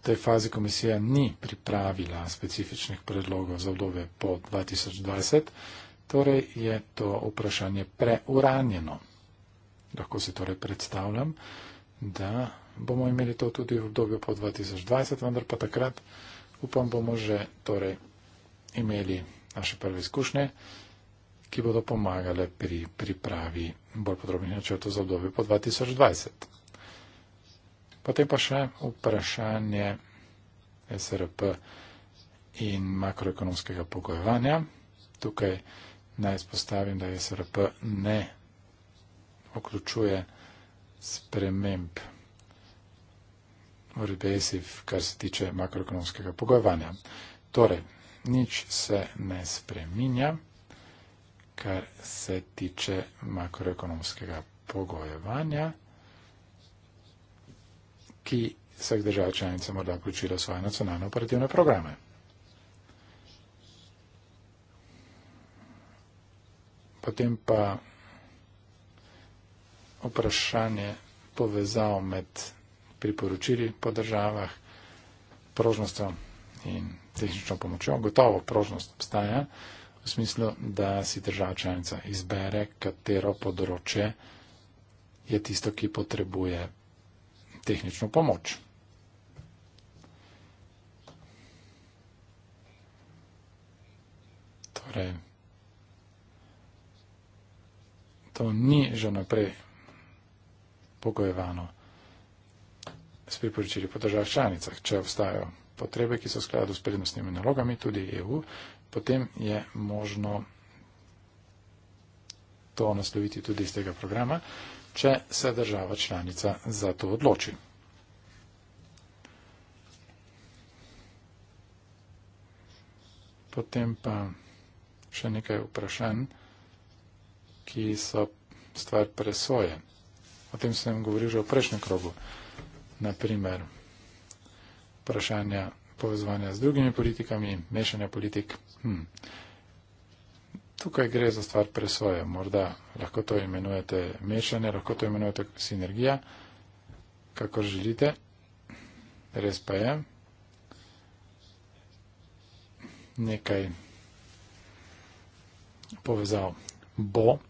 V tej fazi komisija ni pripravila specifičnih predlogov za obdobje po 2020. Torej je to vprašanje preuranjeno. Lahko si torej predstavljam, da bomo imeli to tudi v obdobju po 2020, vendar pa takrat upam bomo že torej imeli naše prve izkušnje, ki bodo pomagale pri pripravi bolj podrobnih načrtov za obdobje po 2020. Potem pa še vprašanje SRP in makroekonomskega pogojevanja. Tukaj da izpostavim, da SRP ne vključuje sprememb rebesiv, kar se tiče makroekonomskega pogojevanja. Torej, nič se ne spreminja, kar se tiče makroekonomskega pogojevanja, ki vseh držav članice morda vključila svoje nacionalne operativne programe. potem pa vprašanje povezav med priporočili po državah, prožnostjo in tehnično pomočjo. Gotovo prožnost obstaja v smislu, da si država članica izbere, katero področje je tisto, ki potrebuje tehnično pomoč. Torej, to ni že naprej pogojevano s priporočili po državah članicah, če obstajajo potrebe, ki so v skladu s prednostnimi nalogami tudi EU, potem je možno to nasloviti tudi iz tega programa, če se država članica za to odloči. Potem pa še nekaj vprašanj ki so stvar presoje. O tem sem govoril že v prejšnjem krogu. Naprimer, vprašanja povezovanja z drugimi politikami, mešanja politik. Hm. Tukaj gre za stvar presoje. Morda lahko to imenujete mešanje, lahko to imenujete sinergija, kako želite. Res pa je nekaj povezal. Bo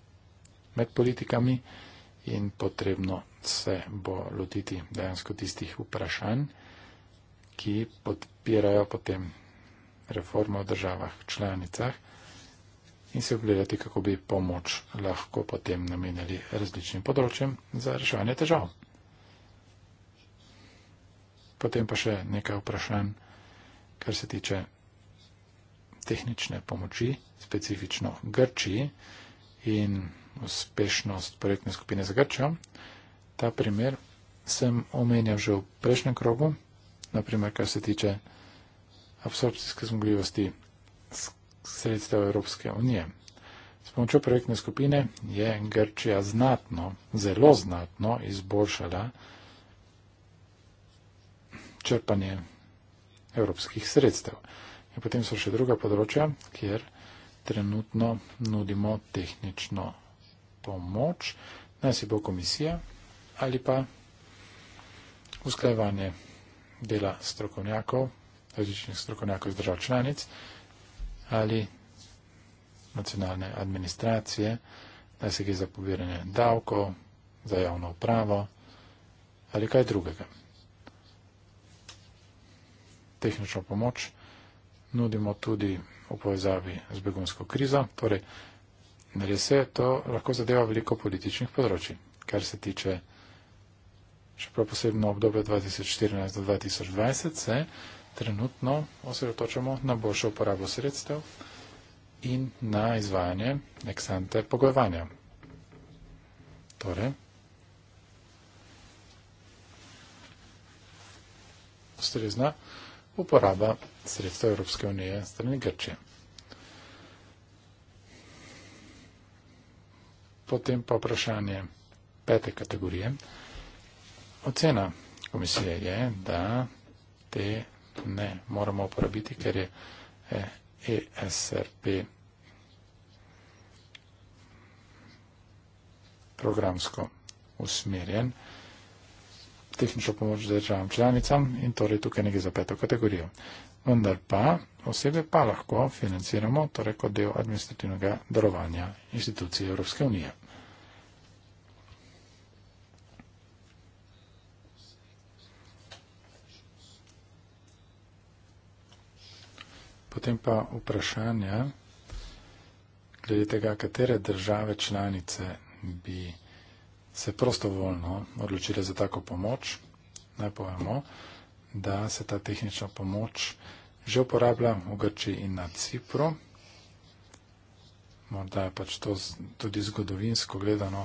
med politikami in potrebno se bo lotiti dejansko tistih vprašanj, ki podpirajo potem reformo v državah članicah in se ogledati, kako bi pomoč lahko potem namenjali različnim področjem za reševanje težav. Potem pa še nekaj vprašanj, kar se tiče tehnične pomoči, specifično Grčiji in uspešnost projektne skupine za Grčijo. Ta primer sem omenjal že v prejšnjem krogu, naprimer, kar se tiče absorpcijske zmogljivosti sredstev Evropske unije. S pomočjo projektne skupine je Grčija znatno, zelo znatno izboljšala črpanje evropskih sredstev. In potem so še druga področja, kjer trenutno nudimo tehnično pomoč, naj si bo komisija ali pa usklajevanje dela strokovnjakov, različnih strokovnjakov iz držav članic ali nacionalne administracije, da se gre za pobiranje davkov, za javno upravo ali kaj drugega. Tehnično pomoč nudimo tudi v povezavi z begunsko krizo, torej Na res je, to lahko zadeva veliko političnih področji, kar se tiče še prav posebno obdobja 2014 do 2020, se trenutno osredotočamo na boljšo uporabo sredstev in na izvajanje eksante pogojevanja. Torej, ustrezna uporaba sredstev Evropske unije strani Grčije. potem pa vprašanje pete kategorije. Ocena komisije je, da te ne moramo uporabiti, ker je ESRP eh, e programsko usmerjen tehnično pomoč državam članicam in torej tukaj nekaj za peto kategorijo. Vendar pa osebe pa lahko financiramo torej kot del administrativnega darovanja institucije Evropske unije. potem pa vprašanja, glede tega, katere države članice bi se prostovoljno odločile za tako pomoč. Naj povemo, da se ta tehnična pomoč že uporablja v Grčiji in na Cipru. Morda je pač to tudi zgodovinsko gledano,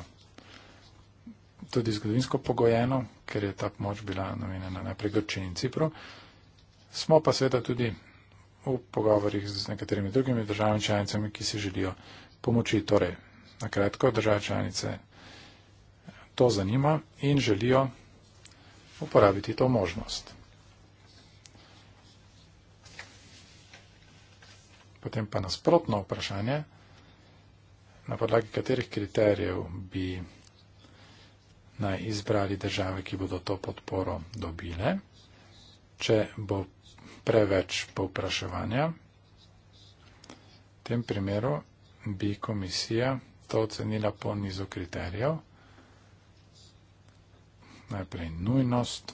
tudi zgodovinsko pogojeno, ker je ta pomoč bila namenjena najprej Grčiji in Cipru. Smo pa seveda tudi v pogovorih z nekaterimi drugimi državami članicami, ki si želijo pomoči. Torej, na kratko, države članice to zanima in želijo uporabiti to možnost. Potem pa nasprotno vprašanje, na podlagi katerih kriterijev bi naj izbrali države, ki bodo to podporo dobile, če bo preveč povpraševanja. V tem primeru bi komisija to ocenila po nizu kriterijev. Najprej nujnost,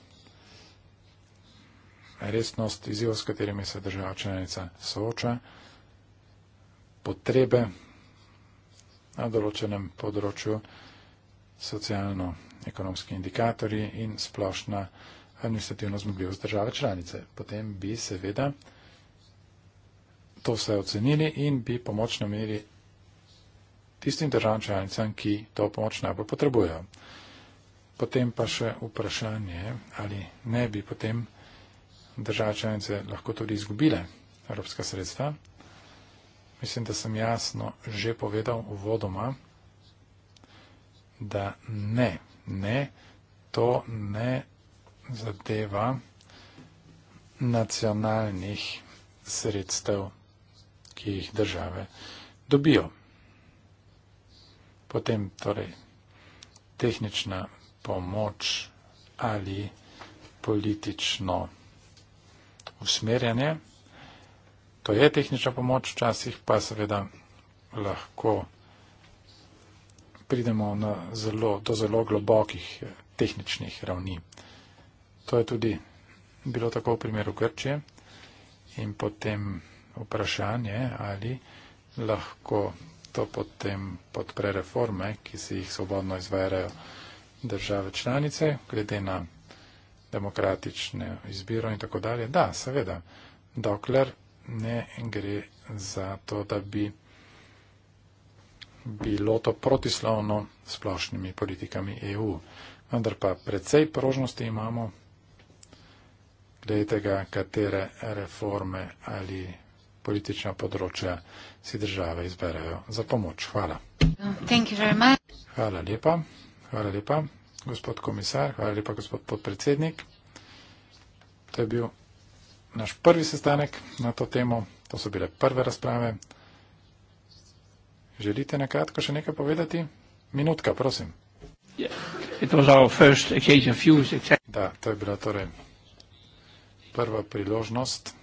resnost izjiva, s katerimi se država članica sooča, potrebe na določenem področju, socialno-ekonomski indikatorji in splošna administrativno zmogljivost države članice. Potem bi seveda to vse ocenili in bi pomoč namenili tistim državam članicam, ki to pomoč najbolj potrebujejo. Potem pa še vprašanje, ali ne bi potem države članice lahko tudi izgubile evropska sredstva. Mislim, da sem jasno že povedal uvodoma, da ne, ne, to ne zadeva nacionalnih sredstev, ki jih države dobijo. Potem torej tehnična pomoč ali politično usmerjanje. To je tehnična pomoč, včasih pa seveda lahko pridemo na zelo, do zelo globokih eh, tehničnih ravni. To je tudi bilo tako v primeru Grčije in potem vprašanje, ali lahko to potem podpre reforme, ki si jih svobodno izvajajo države članice, glede na demokratične izbiro in tako dalje. Da, seveda, dokler ne gre za to, da bi bilo to protislovno splošnimi politikami EU. Vendar pa precej prožnosti imamo glede tega, katere reforme ali politična področja si države izberejo za pomoč. Hvala. Hvala lepa. Hvala lepa, gospod komisar. Hvala lepa, gospod podpredsednik. To je bil naš prvi sestanek na to temo. To so bile prve razprave. Želite na kratko še nekaj povedati? Minutka, prosim. Yeah. Da, to je bila torej prva priložnost.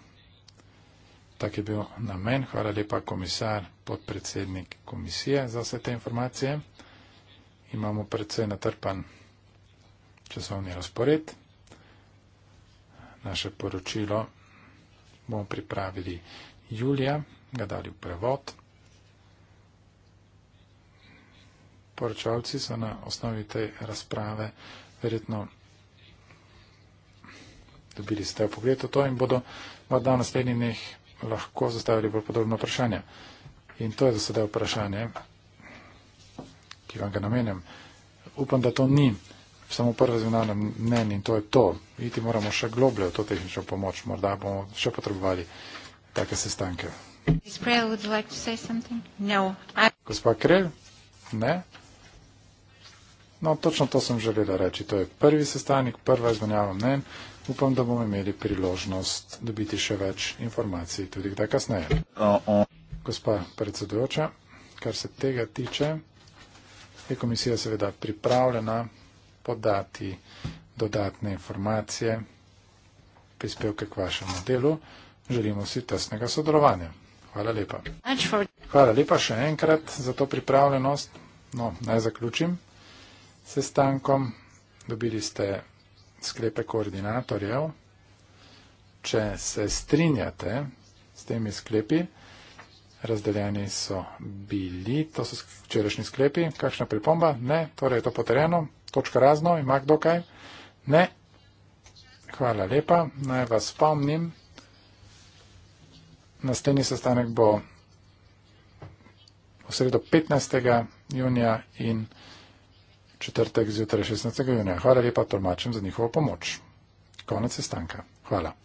Tak je bil namen. Hvala lepa, komisar, podpredsednik komisije za vse te informacije. Imamo predvsej natrpan časovni razpored. Naše poročilo bomo pripravili julija, ga dali v prevod. Poročevalci so na osnovi te razprave verjetno dobili ste pogled v to in bodo morda v naslednjih dneh lahko zastavili bolj podobno vprašanje. In to je za sedaj vprašanje, ki vam ga namenjam. Upam, da to ni samo prvo zvenarno mnenje in to je to. Iti moramo še globlje v to tehnično pomoč, morda bomo še potrebovali take sestanke. No, Gospa Krelj? Ne. No, točno to sem želela reči. To je prvi sestanek, prva izmenjava mnen upam, da bomo imeli priložnost dobiti še več informacij tudi kdaj kasneje. Gospa predsedujoča, kar se tega tiče, je komisija seveda pripravljena podati dodatne informacije, prispevke k vašemu delu. Želimo si tesnega sodelovanja. Hvala lepa. Hvala lepa še enkrat za to pripravljenost. No, naj zaključim sestankom. Dobili ste sklepe koordinatorjev, če se strinjate s temi sklepi, razdeljeni so bili, to so včerajšnji sklepi, kakšna pripomba? Ne, torej je to potrjeno, točka razno, ima kdo kaj? Ne, hvala lepa, naj vas spomnim, naslednji sestanek bo v sredo 15. junija in 15 četrtek zjutraj 16. junija. Hvala lepa tolmačem za njihovo pomoč. Konec sestanka. Hvala.